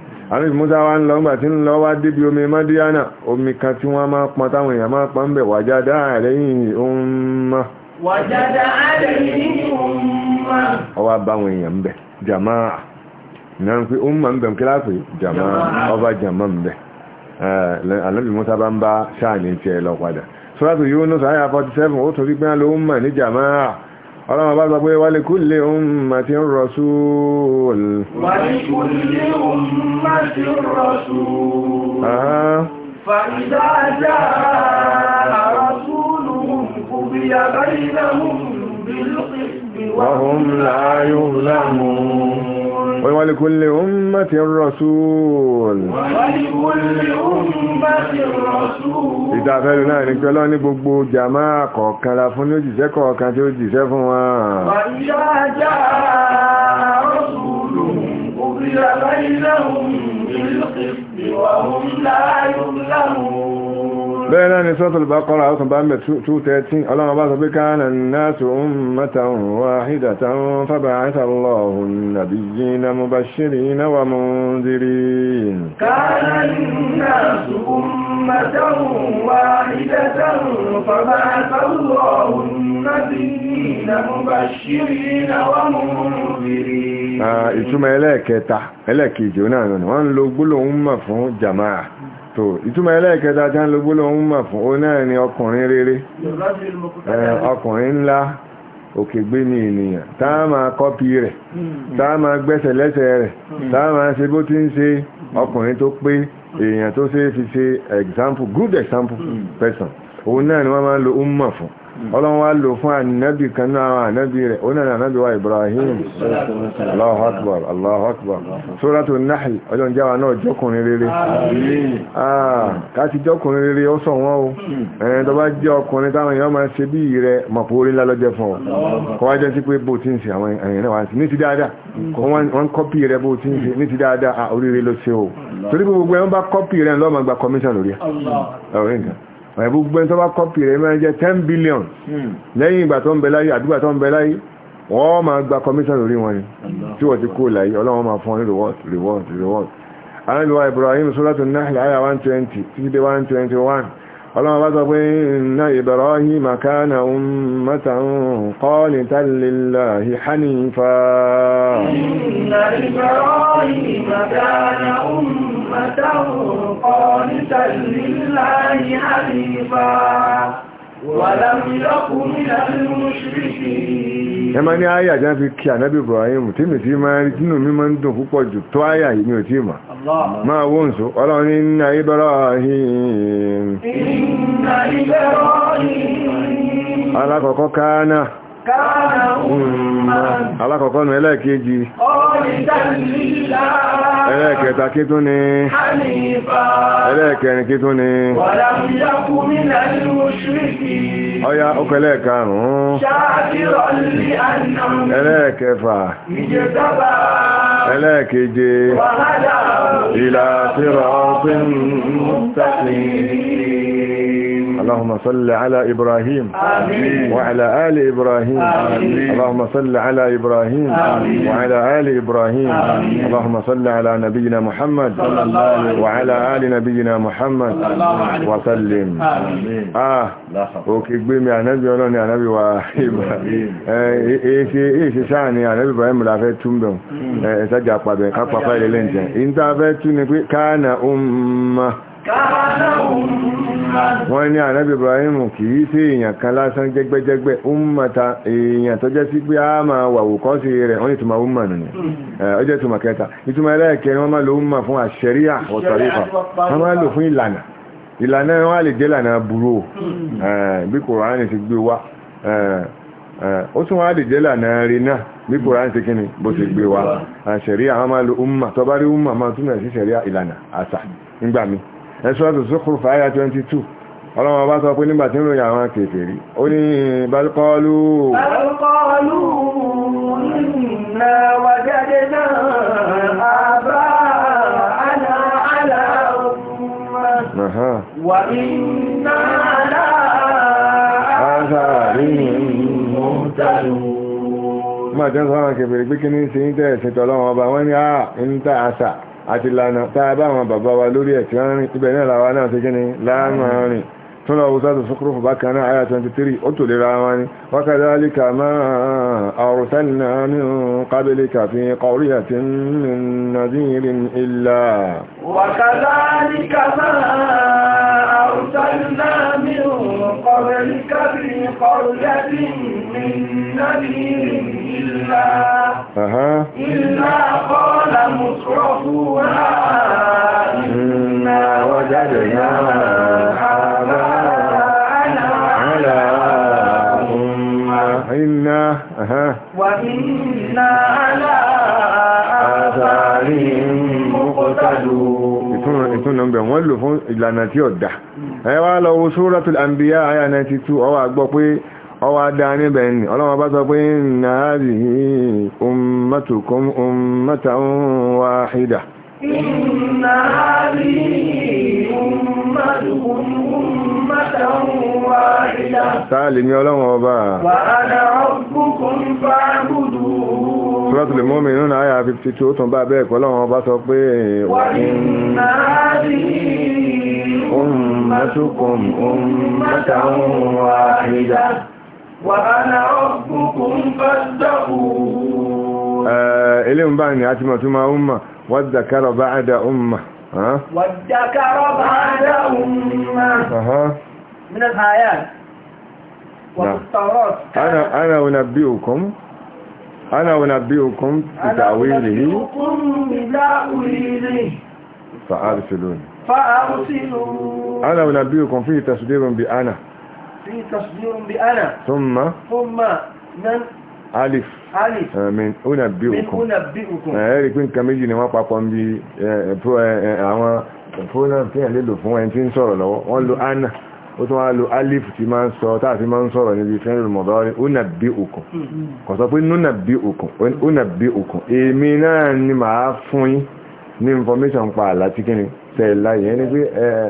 àríf musa wá ń lọ ńgbà tí ń lọ wá débi omi madiana omi kan tí wọ́n máa pọn táwọn èèyàn máa pọn bẹ̀ wàjádá àlẹ́yìn umma wàjádá àlẹ́yìn umma ọwá báwọn èèyàn bẹ̀ jama'a náà ń pè umma ń bẹ̀ kí láàpẹ̀ jama'a ọba jama ń bẹ̀ àlẹ́bí musa bá ń bá sáà ní tiẹ̀ lọ padà sọ́dọ̀ yóò nù sáyà 47 ó torí pé á umma ní ọlọ́run bá sọ pé wa li kulli ummatin rasul wa li kulli ummatin rasul fa idha jaa rasuluhum qudiya ولكل أمة رسول ولكل أمة رسول ìdáfẹ́lú náà ní pẹ́lọ́ ní gbogbo jàmá kọ̀ọ̀kan la fún ní òjìṣẹ́ kọ̀ọ̀kan tí ó jìṣẹ́ fún wa ìyájá rọ́sùlù òbí àbáyé lẹ́hùn ìlú ìwà òun láàrín lẹ́hùn bẹ́ẹ̀ náà ni sọ́tọ̀lù bá kọ́ra ọkùn bá mẹ́ 213 ọlọ́run bá sọ pé káàna náàtù ummatan wahidatan fàbàáṣà lọ́hùn nabiyyina mubashirina wa mundirin káàna náàtù ummatan wahidatan fàbàáṣà lọ́hùn nabiyyina mubashirina wa mundirin ah, ìtumọ̀ ẹlẹ́ẹ̀kẹta ẹlẹ́ẹ̀kejì náà wọ́n lo gbólóhùn mọ̀ fún jama'a tó ìtumọ̀ ẹlẹ́ẹ̀kẹta tí a ń lo gbólóhùn mà fún ó náà ni ọkùnrin rere ọkùnrin ńlá òkè gbé ní ènìyàn tá a máa kọ́pì rẹ̀ tá a máa gbẹ́sẹ̀ lẹ́sẹ̀ rẹ̀ tá a máa ṣe bó ti ń ṣe ọkùnrin tó pé èèyàn tó ṣe fi ṣe example good example person òun náà ni wọ́n máa ń lo umma fún ọlọ́run wá lò fún ànábì kan náà ànábì rẹ̀ ó náà ànábì wa Ibrahim Allahu Akbar Allahu Akbar Suratu Nahl ọlọ́run jáwa náà jọ́kùnrin rere ah, káti jọ́kùnrin rere ó sọ wọ́n o ẹni tó bá jẹ́ ọkùnrin táwọn èèyàn máa ṣe bí rẹ̀ mọ̀pọ̀ orí ńlá lọ́jẹ́ fún ọ kọ́ wá jẹ́ sí pé bó ti ń ṣe àwọn èèyàn náà gbogbo ẹni tó bá kọ́pì rẹ̀ máa jẹ́ ten billion hmm. lẹ́yìn ìgbà tó ń bẹ láyé àdúgbà tó ń bẹ láyé wọ́n máa gba commission lórí wọn ni tí wọ́n ti kó láyé ọlọ́wọ́n máa fún ọ reward reward reward aláìlúwa Ibrahim suratul Nahl àyà 120 títí dé 121 ọlọ́run bá sọ pé inna Ibrahima kana ummatan qanitan lillahi hanifa inna Ibrahima kana ummatan qanitan lillahi hanifa ẹmà ní ayà jẹ́ fi kí ànábì Ibrahim tí mi ti máa rí tínú mi ń dùn púpọ̀ jù tó ayà yìí mi ò tí máa wó ǹsù ọlọ́run ní Ibrahim alákọ̀ọ́kọ́ káánà alákọ̀ọ́kọ́ nù ẹlẹ́ẹ̀kejì ẹlẹ́ẹ̀kẹta kí tún ni ẹlẹ́ẹ̀kẹrin kí tún ni ọya ọkọ̀ ẹlẹ́ẹ̀karùn-ún ẹlẹ́ẹ̀kẹfà ẹlẹ́ẹ̀keje ìlà sírọ̀ ọ̀pẹ́ mustaqim اللهم صل على إبراهيم وعلى آل إبراهيم اللهم صل على إبراهيم وعلى آل إبراهيم اللهم صل على نبينا محمد وعلى آل نبينا محمد وسلم آه وكبيم يا نبي يا نبي وإبراهيم إيش إيش شان يا نبي إبراهيم لا في تومبون إيش آه، أجاب بعدين كابا فايل لينجا إنت أبى تنبي كان أمّه wọ́n ní ànábì Ibrahim kìí sí èèyàn kan lásán jẹ́gbẹ́jẹ́gbẹ́ ummata èèyàn tó jẹ́ sí pé a máa wàwò kọ́ sí rẹ̀ wọ́n umma hmm. kẹta ẹlẹ́ẹ̀kẹrin wọ́n máa lo umma fún àṣẹríà ọ̀tọ̀rífà wọ́n máa lò fún ìlànà ìlànà wọn lè jẹ́ ìlànà burú hmm. bí ti gbé wá ó tún wá lè jẹ́ rí náà bí ti kíni bó ti gbé wá àṣẹríà hmm. wọ́n máa lo umma umma máa sí ìlànà àṣà ẹ̀ṣọ́tù sókùrù fàáyà 22 ọlọ́wọ́ bá sọ pé nígbà tí ń ròyìn àwọn kèfèrí ó ní balkọ́lù Máa jẹ́ sọ́wọ́n kèfèrí pé kí ní ṣe ń tẹ́ ẹ̀sìn tọ́lọ́wọ́ ọba wọ́n ní àà ah, ń àti lànà táa bá àwọn bàbá wa lórí ẹ̀ tí wọ́n rìn ibẹ̀ náà làwa náà ti gíní láàmà rìn tún lọ wùsá tó sọ́kúrò fún bákan náà àyà 23 ó tò lè ra wọn ni wákà máa àrùsánì náà ní kábílì kàfin kọrí àti nàzírin ilá wákà dálíkà máa àrùsánì náà ní إلا قال مصرفونا إنا وجدنا آباءنا على إنا وإنا على آثارهم مقتدون ìtúnnà bẹ̀ wọ́n lò fún ìlànà tí ọ̀dá ẹwà lọ wo Suratul Anbiya àyà 92 ọwà gbọ́ pé ọwá dá níbẹ̀ ni ọlọ́wọ́ bá sọ pé inna hadhihi ummatukum ummatan wahida inna hadhihi ummatukum ummatan wahida táàlì ní ọlọ́wọ́ ọba wa ana rabbukum fa'budu Suratul Mu'minun àyà 52 tún bá bẹ́ẹ̀ pẹ̀lú àwọn ọba sọ pé wa inna hadhihi ummatukum ummatan وأنا ربكم فاتقوا آه، إليهم بعني أتمتما أمة والذكر بعد أمة ها؟ والذكر بعد أمة أها من الآيات نعم. والتوراة أنا أنا أنبئكم أنا أنبئكم بتأويله فارسلوني فارسلوني أنا أنبئكم فيه تصدير بأنا فيه تصدير بأنا ثم ثم من alif alif eh, min unabbi'ukum min unabbi'ukum eh rí pé nǹkan méjì ni wọ́n papọ̀ nbi eh, eh, àwọn pronoun tí en lè lò fún en tí ń sọ̀rọ̀ lọ́wọ́ wọ́n lò ana ó tún wá lò alif tí máa ń sọ tá fi máa ń sọ̀rọ̀ ní bi fi'l mudari unabbi'ukum hmm, hmm. kò sọ pé nunabbi'ukum unabbi'ukum èmi na ni màá fún yín ní information pa ala tí kíni ṣe la yẹn ni pé eh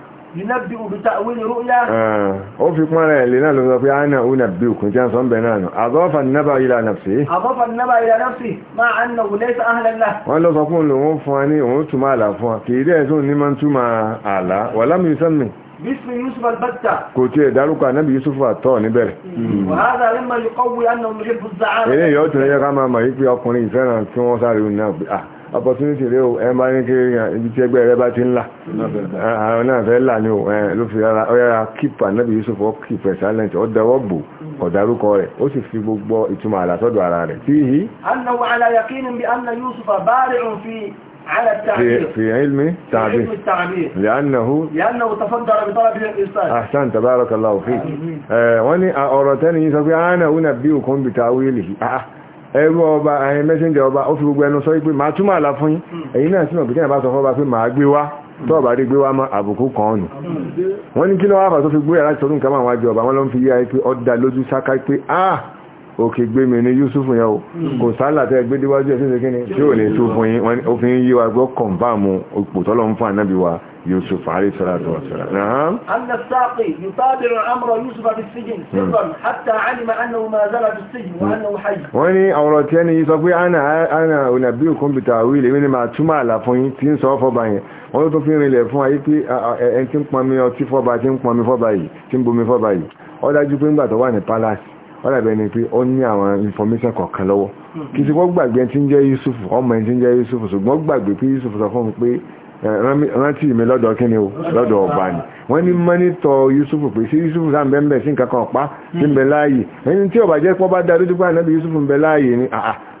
ó fi pọ́n rẹ̀ lè náà ló sọ pé a náà ó nàbí òkun tí a sọ ń bẹ̀ náà nù àzọ́fà nábà ilá nàfsí wọ́n lọ sọ fún òun fún wa ní òun túnmà àlà fún wa kì í dẹ́ tó ní máa ń túnmà àlà wà lámì sẹ́mì bísí yusuf albatta kò tí ẹ̀ dárúkọ anábì yusuf àtọ́ níbẹ̀rẹ̀ eléyìí ọ̀tún yẹ ká máa mọ̀ yí pé ọkùnrin ìfẹ́ràn tí wọ́n sáré òun náà opportunity rẹ o ẹ bá ní kí ibi tí ẹgbẹ́ rẹ bá ti ń là àwọn náà fẹ́ là ní o ló fi rárá ọ yára kíp ànábì Yusuf ọ kíp ẹ̀ silent ọ dẹwọ́ gbò ọ̀dárúkọ rẹ̀ ó sì fi gbogbo ìtumọ̀ àlàsọ́dọ̀ ara rẹ̀ tí yìí. annahu ala yaqinin bi anna Yusuf bari'un fi في, في علم التعبير لأنه لأنه تفجر بطلب الإنسان أحسن تبارك الله فيك آه واني أورتني أنا أنبئكم بتأويله ẹrú ọba àyìn mẹ́sẹ̀njẹ̀ ọba ó fi gbogbo ẹnu sọ pé màá túmọ̀ àlà fún yín hmm. ẹ̀yin náà sínú òkìtẹ́ ìbá sọ fún ọba pé màá gbé wá hmm. tó ọba rí gbé wá mọ́ àbùkù kan ọ̀nù hmm. wọ́n ní kí lọ́wọ́ àfà tó fi gbé yàrá ìtọ́dún kan máa wájú ọba wọn ló ń fi yá pé òkè gbé mi ní Yusufu yẹn o kò sálà tẹ́ gbé díwájú ẹ̀ síse kíni tí ò ní tó fún yín wọ́n ó fi ń yí wa gbọ́ kọ̀ǹfàmù òpò tọ́lọ́ ń fún ànábì wa Yusuf alayhi salatu wa salam. anna saqi yutabiru amra Yusuf fi sijin sirran hatta alima annahu ma wọ́n ní ọ̀rọ̀ tí ẹni yìí sọ pé ana onabi kọ́mpútà wíìlì èmi ni màá túmọ̀ àlà fún yín tí ń sọ fọ́ba yẹn wọ́n tó fi rinlẹ̀ fún ayé pé ẹni tí ń pọnmi ọtí fọ́ba tí ń pọnmi fọ́ba yìí tí ń bomi fọ́ba yìí ó dájú pé ńgbà tó wà ní palace ọ̀rẹ́bẹ̀ ni pé ó ní àwọn information kọ̀ọ̀kan lọ́wọ́ hmm. kì í sí wọ́n gbàgbé tí ń jẹ́ Yusuf ọmọ ẹni tí ń jẹ́ Yusuf ṣùgbọ́n gbàgbé pé Yusuf sọ fún mi pé rántí mi lọ́dọ̀ kíni o lọ́dọ̀ ọba ni wọ́n ní mọ́nítọ̀ Yusuf pé sí Yusuf sáà ń bẹ́ẹ̀ sí nǹkan kan pa sí ń bẹ láàyè ẹni tí ọba jẹ́ pọ́ bá dá dúdú báyìí nábì Yusuf ń bẹ láàyè ni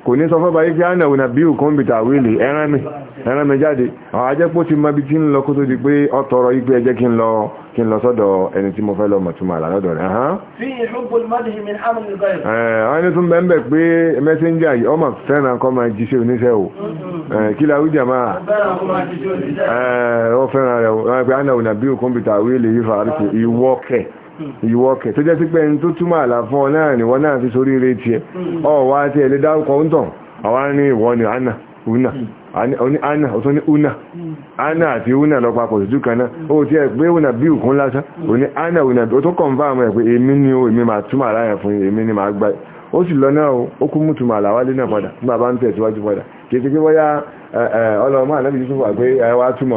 kò ní sọ fún ọba yìí pé ànàwò náà bí òkun bìtà wílì ẹran mi jáde àwọn ajẹ́pọ̀ ti mọ ibi tí ń lọ kó tó di pé ọ̀tọ̀rọ̀ yìí pé ẹjẹ́ kí ń lọ kí n lọ sọ́dọ̀ ẹni tí mo fẹ́ lọ mọ̀túnmọ̀ àlà lọ́dọ̀ rẹ̀ hàn. fi ìṣùgbọ́n mọ́dìhì mi hàmì nígbà yìí. ẹ ọ ní tún bẹ́ẹ̀ bẹ́ẹ̀ pé mẹ́sẹ̀njà yìí ọmọ fẹ́ràn kọ́ máa jíṣẹ́ oníṣẹ́ o mm-hmm. kí la wíjà pé mm-hmm. ni wọ́n náà fi sórí ire tiẹ̀ mm-hmm. ọ wá tiẹ̀ lé dárúkọ ń ana ọ̀tọ́ ní una ana ati una lọ papo ìjú kana o tí ẹ pé una bí òkun lásán o ní ana una o to kọ̀nfà mọ́ ẹ̀ pé ni o èmi máa túmọ̀ aláyàn fun èmi ni máa gbá ó sì lọ náà ó kú mú na àláwálé náà padà ti pé bóyá ọlọ́mọ ànábì yìí fún wa pé fún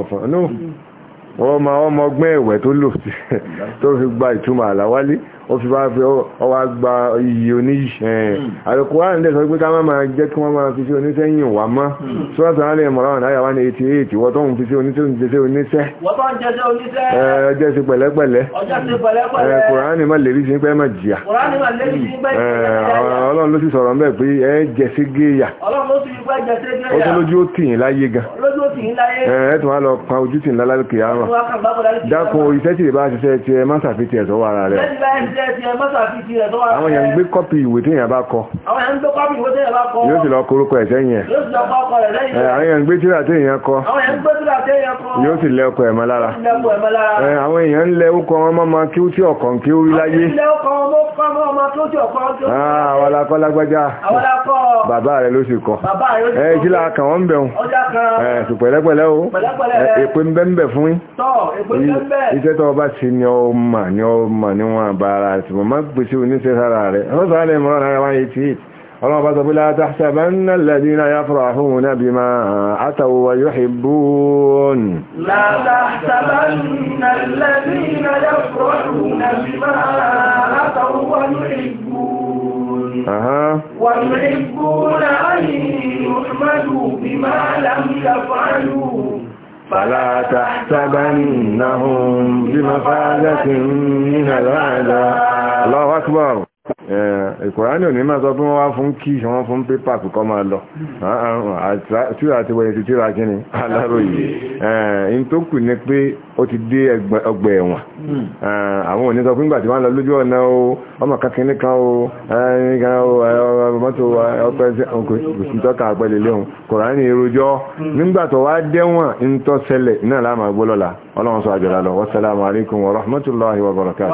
ọ ọmọ gba wale. ó fi wá fi ọwá gba iyì oníyì hmm. Al-Qur'an lè sọ pé ká máa jẹ́ kí wọ́n máa fi sí oníṣẹ́yìn wà mọ́ hmm. Surat Al-Imran àyà 188 wọ́n tó ń fi sí oníṣẹ́yìn jẹ́sẹ́ oníṣẹ́ ọjọ́ sí pẹ̀lẹ́pẹ̀lẹ́ Kùránì má lè rí sí pé má jìyà ọlọ́run ló sì sọ̀rọ̀ ń bẹ̀ pé ẹ jẹ́ sí géyà ó tó lójú ó tìyìn láyé gan ẹ̀ tún wá lọ pa ojú tì ńlá lálùkì àmà dákun iṣẹ́ tì bá ṣiṣẹ́ ti ẹ má ṣàfihàn ẹ̀ sọ́wọ́ ara rẹ̀ àwọn èèyàn ń gbé kọ́pì ìwé tí èèyàn bá kọ yóò sì lọ korúkọ ẹ̀sẹ̀ yẹn àwọn èèyàn ń gbé tíra tí èèyàn kọ yóò sì lẹ ọkọ ẹ̀ mọ́ lára àwọn èèyàn ń lẹ ọkọ wọn mọ́ kí ó tí ọkọ̀ ń kí ó rí láyé àwọn alákọ́ lágbájá bàbá rẹ̀ ló sì kọ ẹ̀ kí láàkàn wọ́n bẹ̀rùn pẹ̀lẹ́pẹ̀lẹ́ o èpè ń bẹ́m̀bẹ̀ fún yín iṣẹ́ tó bá ti ní ọmọ ní ọmọ níwọ̀n àbára àti mọ̀má pèsè oníṣẹ́ sára rẹ̀ ọlọ́sàálẹ̀ mọ́rán náírà 188 ọlọ́wọ́ bá sọ ويحبون أن يحمدوا بما لم يفعلوا فلا تحسبنهم بمفازة من العذاب الله أكبر ìkòránì òní máa sọ pé wọ́n wá fún kí wọ́n fún pépà kò máa lọ tíra àti wẹ̀yẹ̀ tíra kí ni aláròyìn in tó kù ó ti dé ọgbẹ̀ ẹ̀wọ̀n hmm. àwọn òní sọ fún ìgbà tí wọ́n lọ lójú ọ̀nà o ọmọ kankanlé kan o ẹ̀yìnkan o mọ́tò ọpẹ́ ìtọ́ka àpẹẹlẹ̀ léhun kòránì èròjọ́ hmm. nígbà tó wá dẹ́wọ̀n ń tọ́ ṣẹlẹ̀ náà láàmà gbọ́lọ́la ọlọ́run sọ àjọ̀lá lọ wassalamu alaikum wa rahmatullahi wa barakatuh